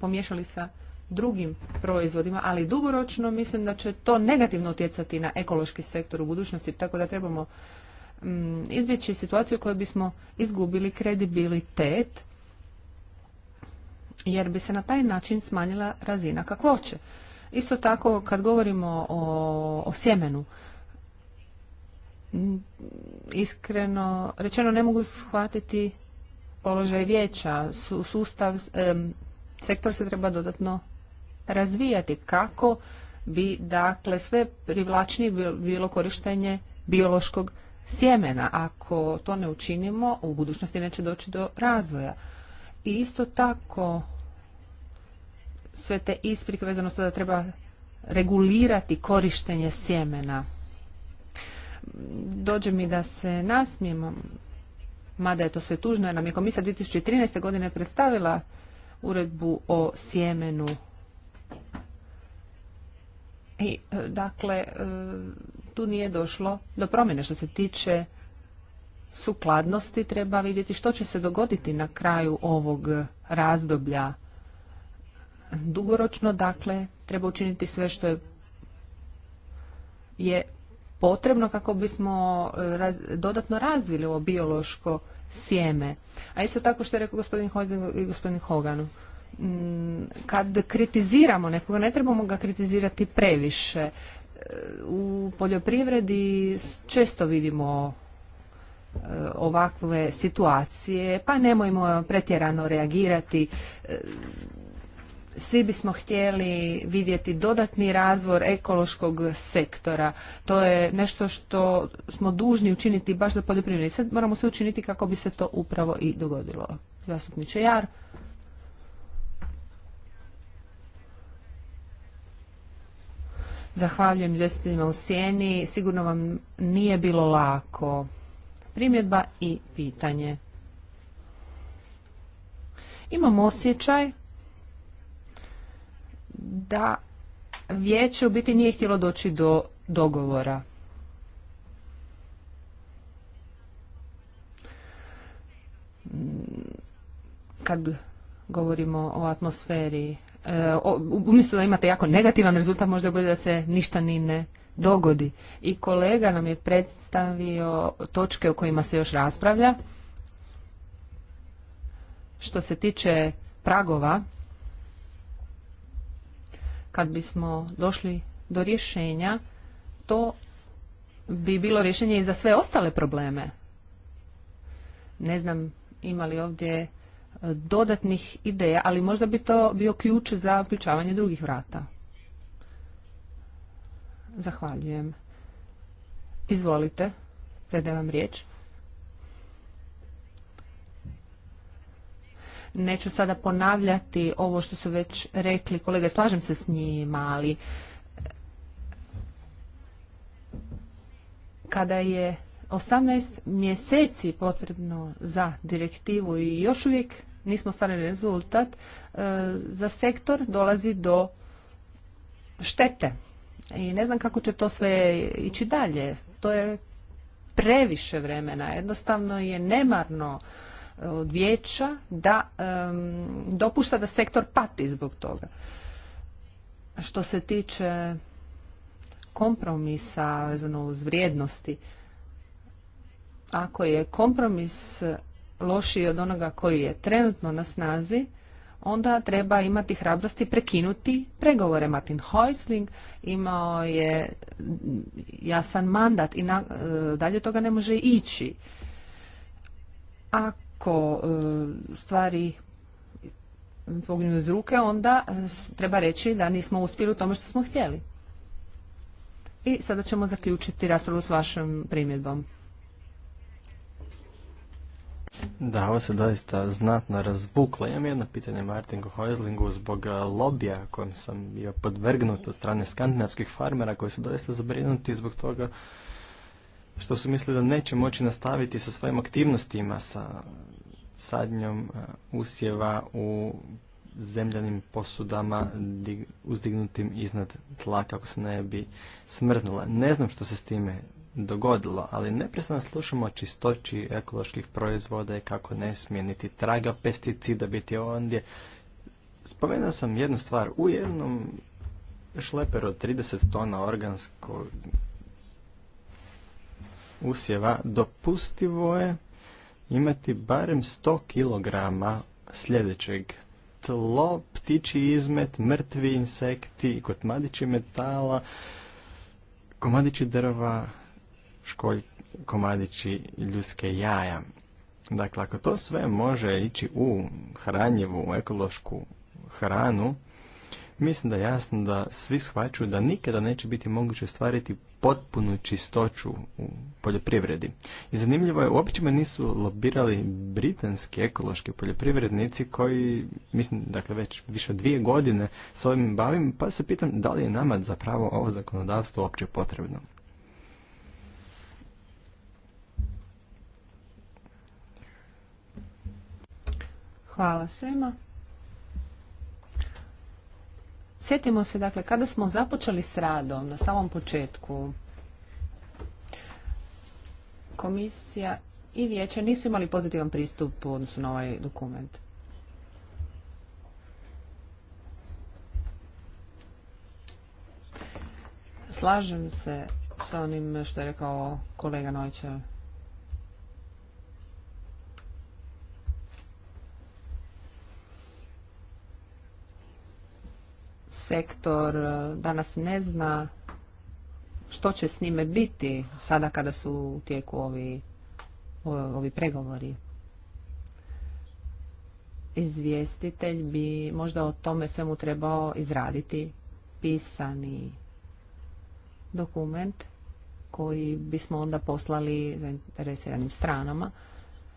pomiješali sa drugim proizvodima, ali dugoročno mislim da će to negativno utjecati na ekološki sektor u budućnosti, tako da trebamo mm, izbjeći situaciju u kojoj bismo izgubili kredibilitet, jer bi se na taj način smanjila razina kakvoće. Isto tako kad govorimo o sjemenu, iskreno rečeno ne mogu shvatiti položaj vijeća. sustav, sektor se treba dodatno razvijati kako bi dakle sve privlačnije bilo korištenje biološkog sjemena. Ako to ne učinimo, u budućnosti neće doći do razvoja. I isto tako sve te isprike vezano to da treba regulirati korištenje sjemena dođe mi da se nasmijemo, mada je to sve tužno, jer nam je komisija 2013. godine predstavila uredbu o sjemenu. I, e, dakle, e, tu nije došlo do promjene što se tiče sukladnosti. Treba vidjeti što će se dogoditi na kraju ovog razdoblja. Dugoročno, dakle, treba učiniti sve što je, je potrebno kako bismo e, dodatno razvili ovo biološko sjeme. A isto tako što je rekao gospodin Hozing i gospodin Hogan. Kad kritiziramo nekoga, ne trebamo ga kritizirati previše. E, u poljoprivredi često vidimo e, ovakve situacije, pa nemojmo pretjerano reagirati svi bismo htjeli vidjeti dodatni razvor ekološkog sektora. To je nešto što smo dužni učiniti baš za poljoprivredni. Sad moramo sve učiniti kako bi se to upravo i dogodilo. Zastupniče Jar. Zahvaljujem izvjestiteljima u sjeni. Sigurno vam nije bilo lako. Primjedba i pitanje. Imam osjećaj da vijeće u biti nije htjelo doći do dogovora. Kad govorimo o atmosferi, e, umjesto da imate jako negativan rezultat, možda je bolje da se ništa ni ne dogodi. I kolega nam je predstavio točke o kojima se još raspravlja. Što se tiče pragova, kad bismo došli do rješenja, to bi bilo rješenje i za sve ostale probleme. Ne znam ima li ovdje e, dodatnih ideja, ali možda bi to bio ključ za uključavanje drugih vrata. Zahvaljujem. Izvolite, predajem vam riječ. Neću sada ponavljati ovo što su već rekli kolege, slažem se s njima, ali e, kada je 18 mjeseci potrebno za direktivu i još uvijek nismo stvarili rezultat, e, za sektor dolazi do štete. I ne znam kako će to sve ići dalje. To je previše vremena. Jednostavno je nemarno od vijeća da dopušta da sektor pati zbog toga. Što se tiče kompromisa vezano uz vrijednosti, ako je kompromis lošiji od onoga koji je trenutno na snazi, onda treba imati hrabrosti prekinuti pregovore. Martin Heusling imao je jasan mandat i na, e, dalje toga ne može ići. A ako e, stvari poginu iz ruke, onda treba reći da nismo uspjeli u tome što smo htjeli. I sada ćemo zaključiti raspravu s vašom primjedbom. Da, ovo se doista znatno razvuklo. Imam jedno pitanje Martinku Hojzlingu zbog e, lobija kojem sam bio podvrgnut od strane skandinavskih farmera koji su doista zabrinuti zbog toga što su mislili da neće moći nastaviti sa svojim aktivnostima, sa sadnjom e, usjeva u zemljanim posudama uzdignutim iznad tla kako se ne bi smrznula. Ne znam što se s time dogodilo, ali neprestano slušamo o čistoći ekoloških proizvoda i kako ne smije niti traga pesticida biti ondje. Spomenuo sam jednu stvar, u jednom šleperu od 30 tona organskog usjeva dopustivo je imati barem 100 kg sljedećeg tlo, ptiči izmet, mrtvi insekti, kotmadići metala, komadići drva, školj, komadići ljudske jaja. Dakle, ako to sve može ići u u ekološku hranu, mislim da je jasno da svi shvaćaju da nikada neće biti moguće ostvariti potpunu čistoću u poljoprivredi. I zanimljivo je, uopće me nisu lobirali britanski ekološki poljoprivrednici koji, mislim, dakle već više dvije godine s ovim bavim, pa se pitam da li je nama zapravo ovo zakonodavstvo uopće potrebno. Hvala svima. Sjetimo se, dakle, kada smo započeli s radom na samom početku, komisija i vijeće nisu imali pozitivan pristup u odnosu na ovaj dokument. Slažem se sa onim što je rekao kolega Nojčar. sektor e, danas ne zna što će s njime biti sada kada su u tijeku ovi, pregovori. Izvjestitelj bi možda o tome svemu trebao izraditi pisani dokument koji bismo onda poslali zainteresiranim stranama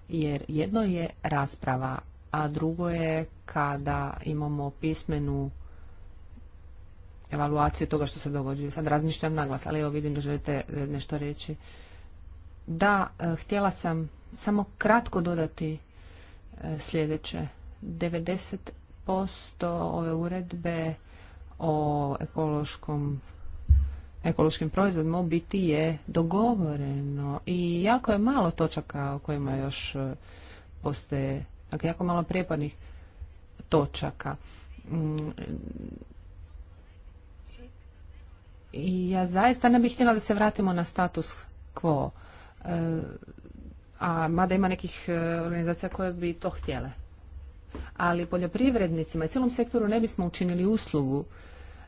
jer jedno je rasprava, a drugo je kada imamo pismenu evaluaciju toga što se događa. Sad razmišljam naglas, ali evo vidim da želite e, nešto reći. Da, e, htjela sam samo kratko dodati e, sljedeće. 90% ove uredbe o ekološkom ekološkim proizvodima u biti je dogovoreno i jako je malo točaka o kojima još postoje, dakle jako malo prijepadnih točaka. Mm, i ja zaista ne bih htjela da se vratimo na status quo. E, a mada ima nekih e, organizacija koje bi to htjele. Ali poljoprivrednicima i cijelom sektoru ne bismo učinili uslugu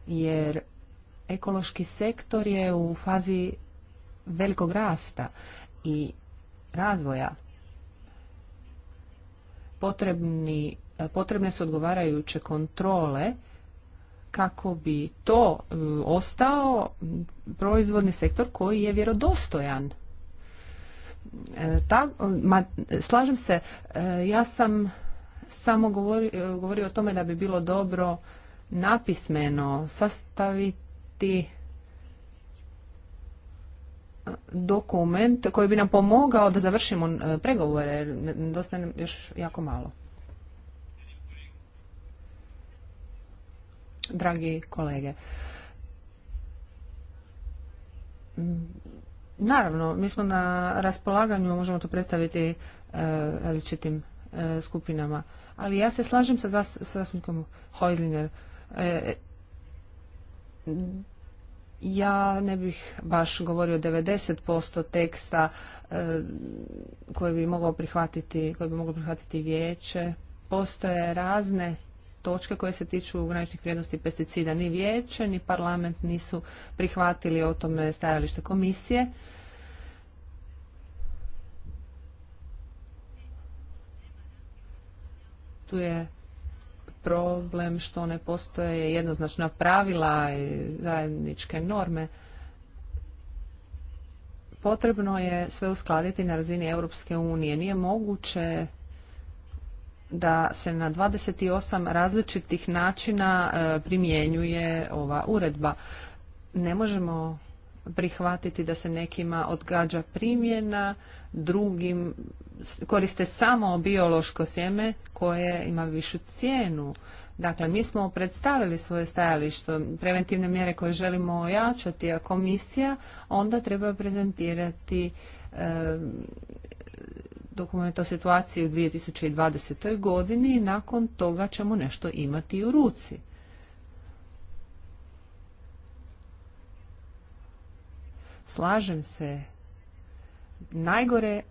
jer ekološki sektor je u fazi velikog rasta i razvoja. potrebne su odgovarajuće kontrole kako bi to e, ostao proizvodni sektor koji je vjerodostojan. E, ta, ma, slažem se, e, ja sam samo govorio, o tome da bi bilo dobro napismeno sastaviti dokument koji bi nam pomogao da završimo pregovore. Dosta nam još jako malo. dragi kolege. Mm, naravno, mi smo na raspolaganju, možemo to predstaviti e, različitim e, skupinama, ali ja se slažem sa zastupnikom Hojzlinger. E, ja ne bih baš govorio 90% teksta koje bi moglo prihvatiti, koje bi moglo prihvatiti vijeće. Postoje razne točke koje se tiču graničnih vrijednosti pesticida. Ni vijeće, ni parlament nisu prihvatili o tome stajalište komisije. Tu je problem što ne postoje jednoznačna pravila i zajedničke norme. Potrebno je sve uskladiti na razini Europske unije. Nije moguće da se na 28 različitih načina e, primjenjuje ova uredba. Ne možemo prihvatiti da se nekima odgađa primjena, drugim koriste samo biološko sjeme koje ima višu cijenu. Dakle, mi smo predstavili svoje stajalište, preventivne mjere koje želimo ojačati, a komisija onda treba prezentirati e, dokument o situaciji u 2020. godini i nakon toga ćemo nešto imati u ruci. Slažem se, najgore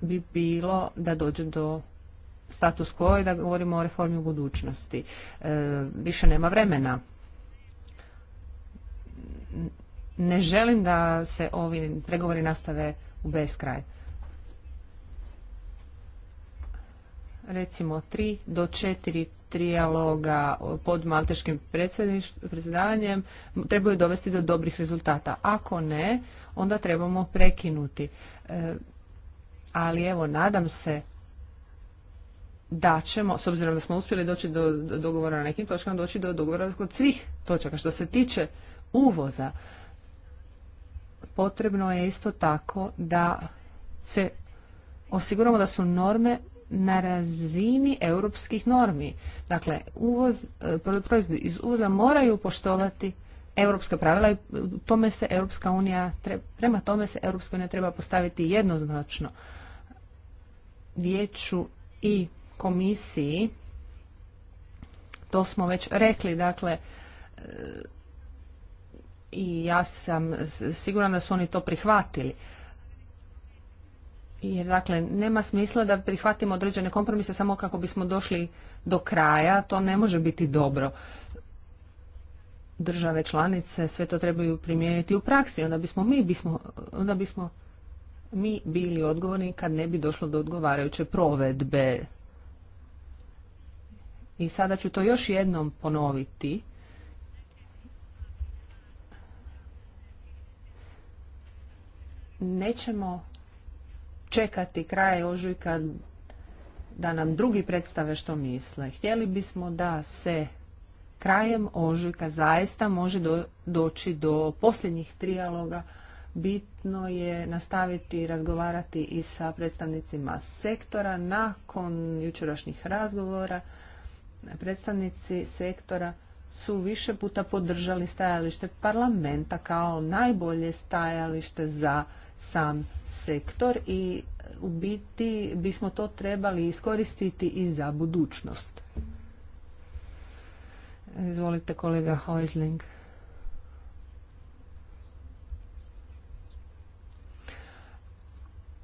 bi bilo da dođe do status quo i da govorimo o reformi u budućnosti. E, više nema vremena. Ne želim da se ovi pregovori nastave u beskraj. recimo tri do četiri trijaloga pod malteškim predsjedavanjem trebaju dovesti do dobrih rezultata. Ako ne, onda trebamo prekinuti. E, ali evo, nadam se da ćemo, s obzirom da smo uspjeli doći do, do dogovora na nekim točkama, doći do dogovora kod svih točaka. Što se tiče uvoza, potrebno je isto tako da se osiguramo da su norme na razini europskih normi. Dakle, uvoz, e, iz uvoza moraju poštovati europska pravila i tome se Europska unija, prema tome se Europska unija treba postaviti jednoznačno vijeću i komisiji. To smo već rekli, dakle, e, i ja sam siguran da su oni to prihvatili jer dakle nema smisla da prihvatimo određene kompromise samo kako bismo došli do kraja, to ne može biti dobro. Države članice sve to trebaju primijeniti u praksi, onda bismo mi bismo, onda bismo mi bili odgovorni kad ne bi došlo do odgovarajuće provedbe. I sada ću to još jednom ponoviti. Nećemo čekati kraj ožujka da nam drugi predstave što misle. Htjeli bismo da se krajem ožujka zaista može doći do posljednjih trijaloga. Bitno je nastaviti razgovarati i sa predstavnicima sektora. Nakon jučerašnjih razgovora predstavnici sektora su više puta podržali stajalište parlamenta kao najbolje stajalište za sam sektor i u biti bismo to trebali iskoristiti i za budućnost. Izvolite kolega Hojzling.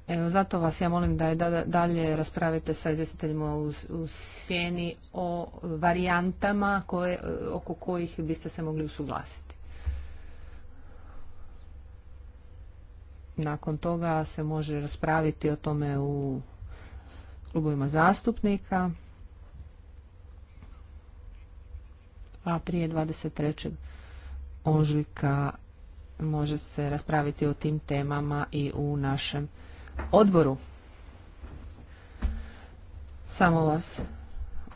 Evo, zato vas ja molim da je dalje raspravite sa izvjestiteljima u, u sjeni o varijantama oko kojih biste se mogli usuglasiti. Nakon toga se može raspraviti o tome u klubovima zastupnika. A prije 23. ožujka može se raspraviti o tim temama i u našem odboru. Samo vas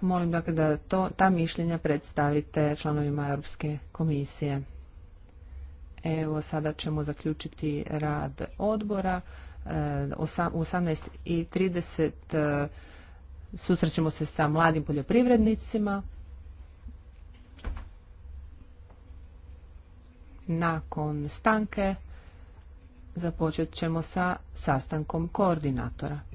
molim dakle da to, ta mišljenja predstavite članovima Europske komisije. Evo, sada ćemo zaključiti rad odbora. E, u 18.30 e, susrećemo se sa mladim poljoprivrednicima. Nakon stanke započet ćemo sa sastankom koordinatora.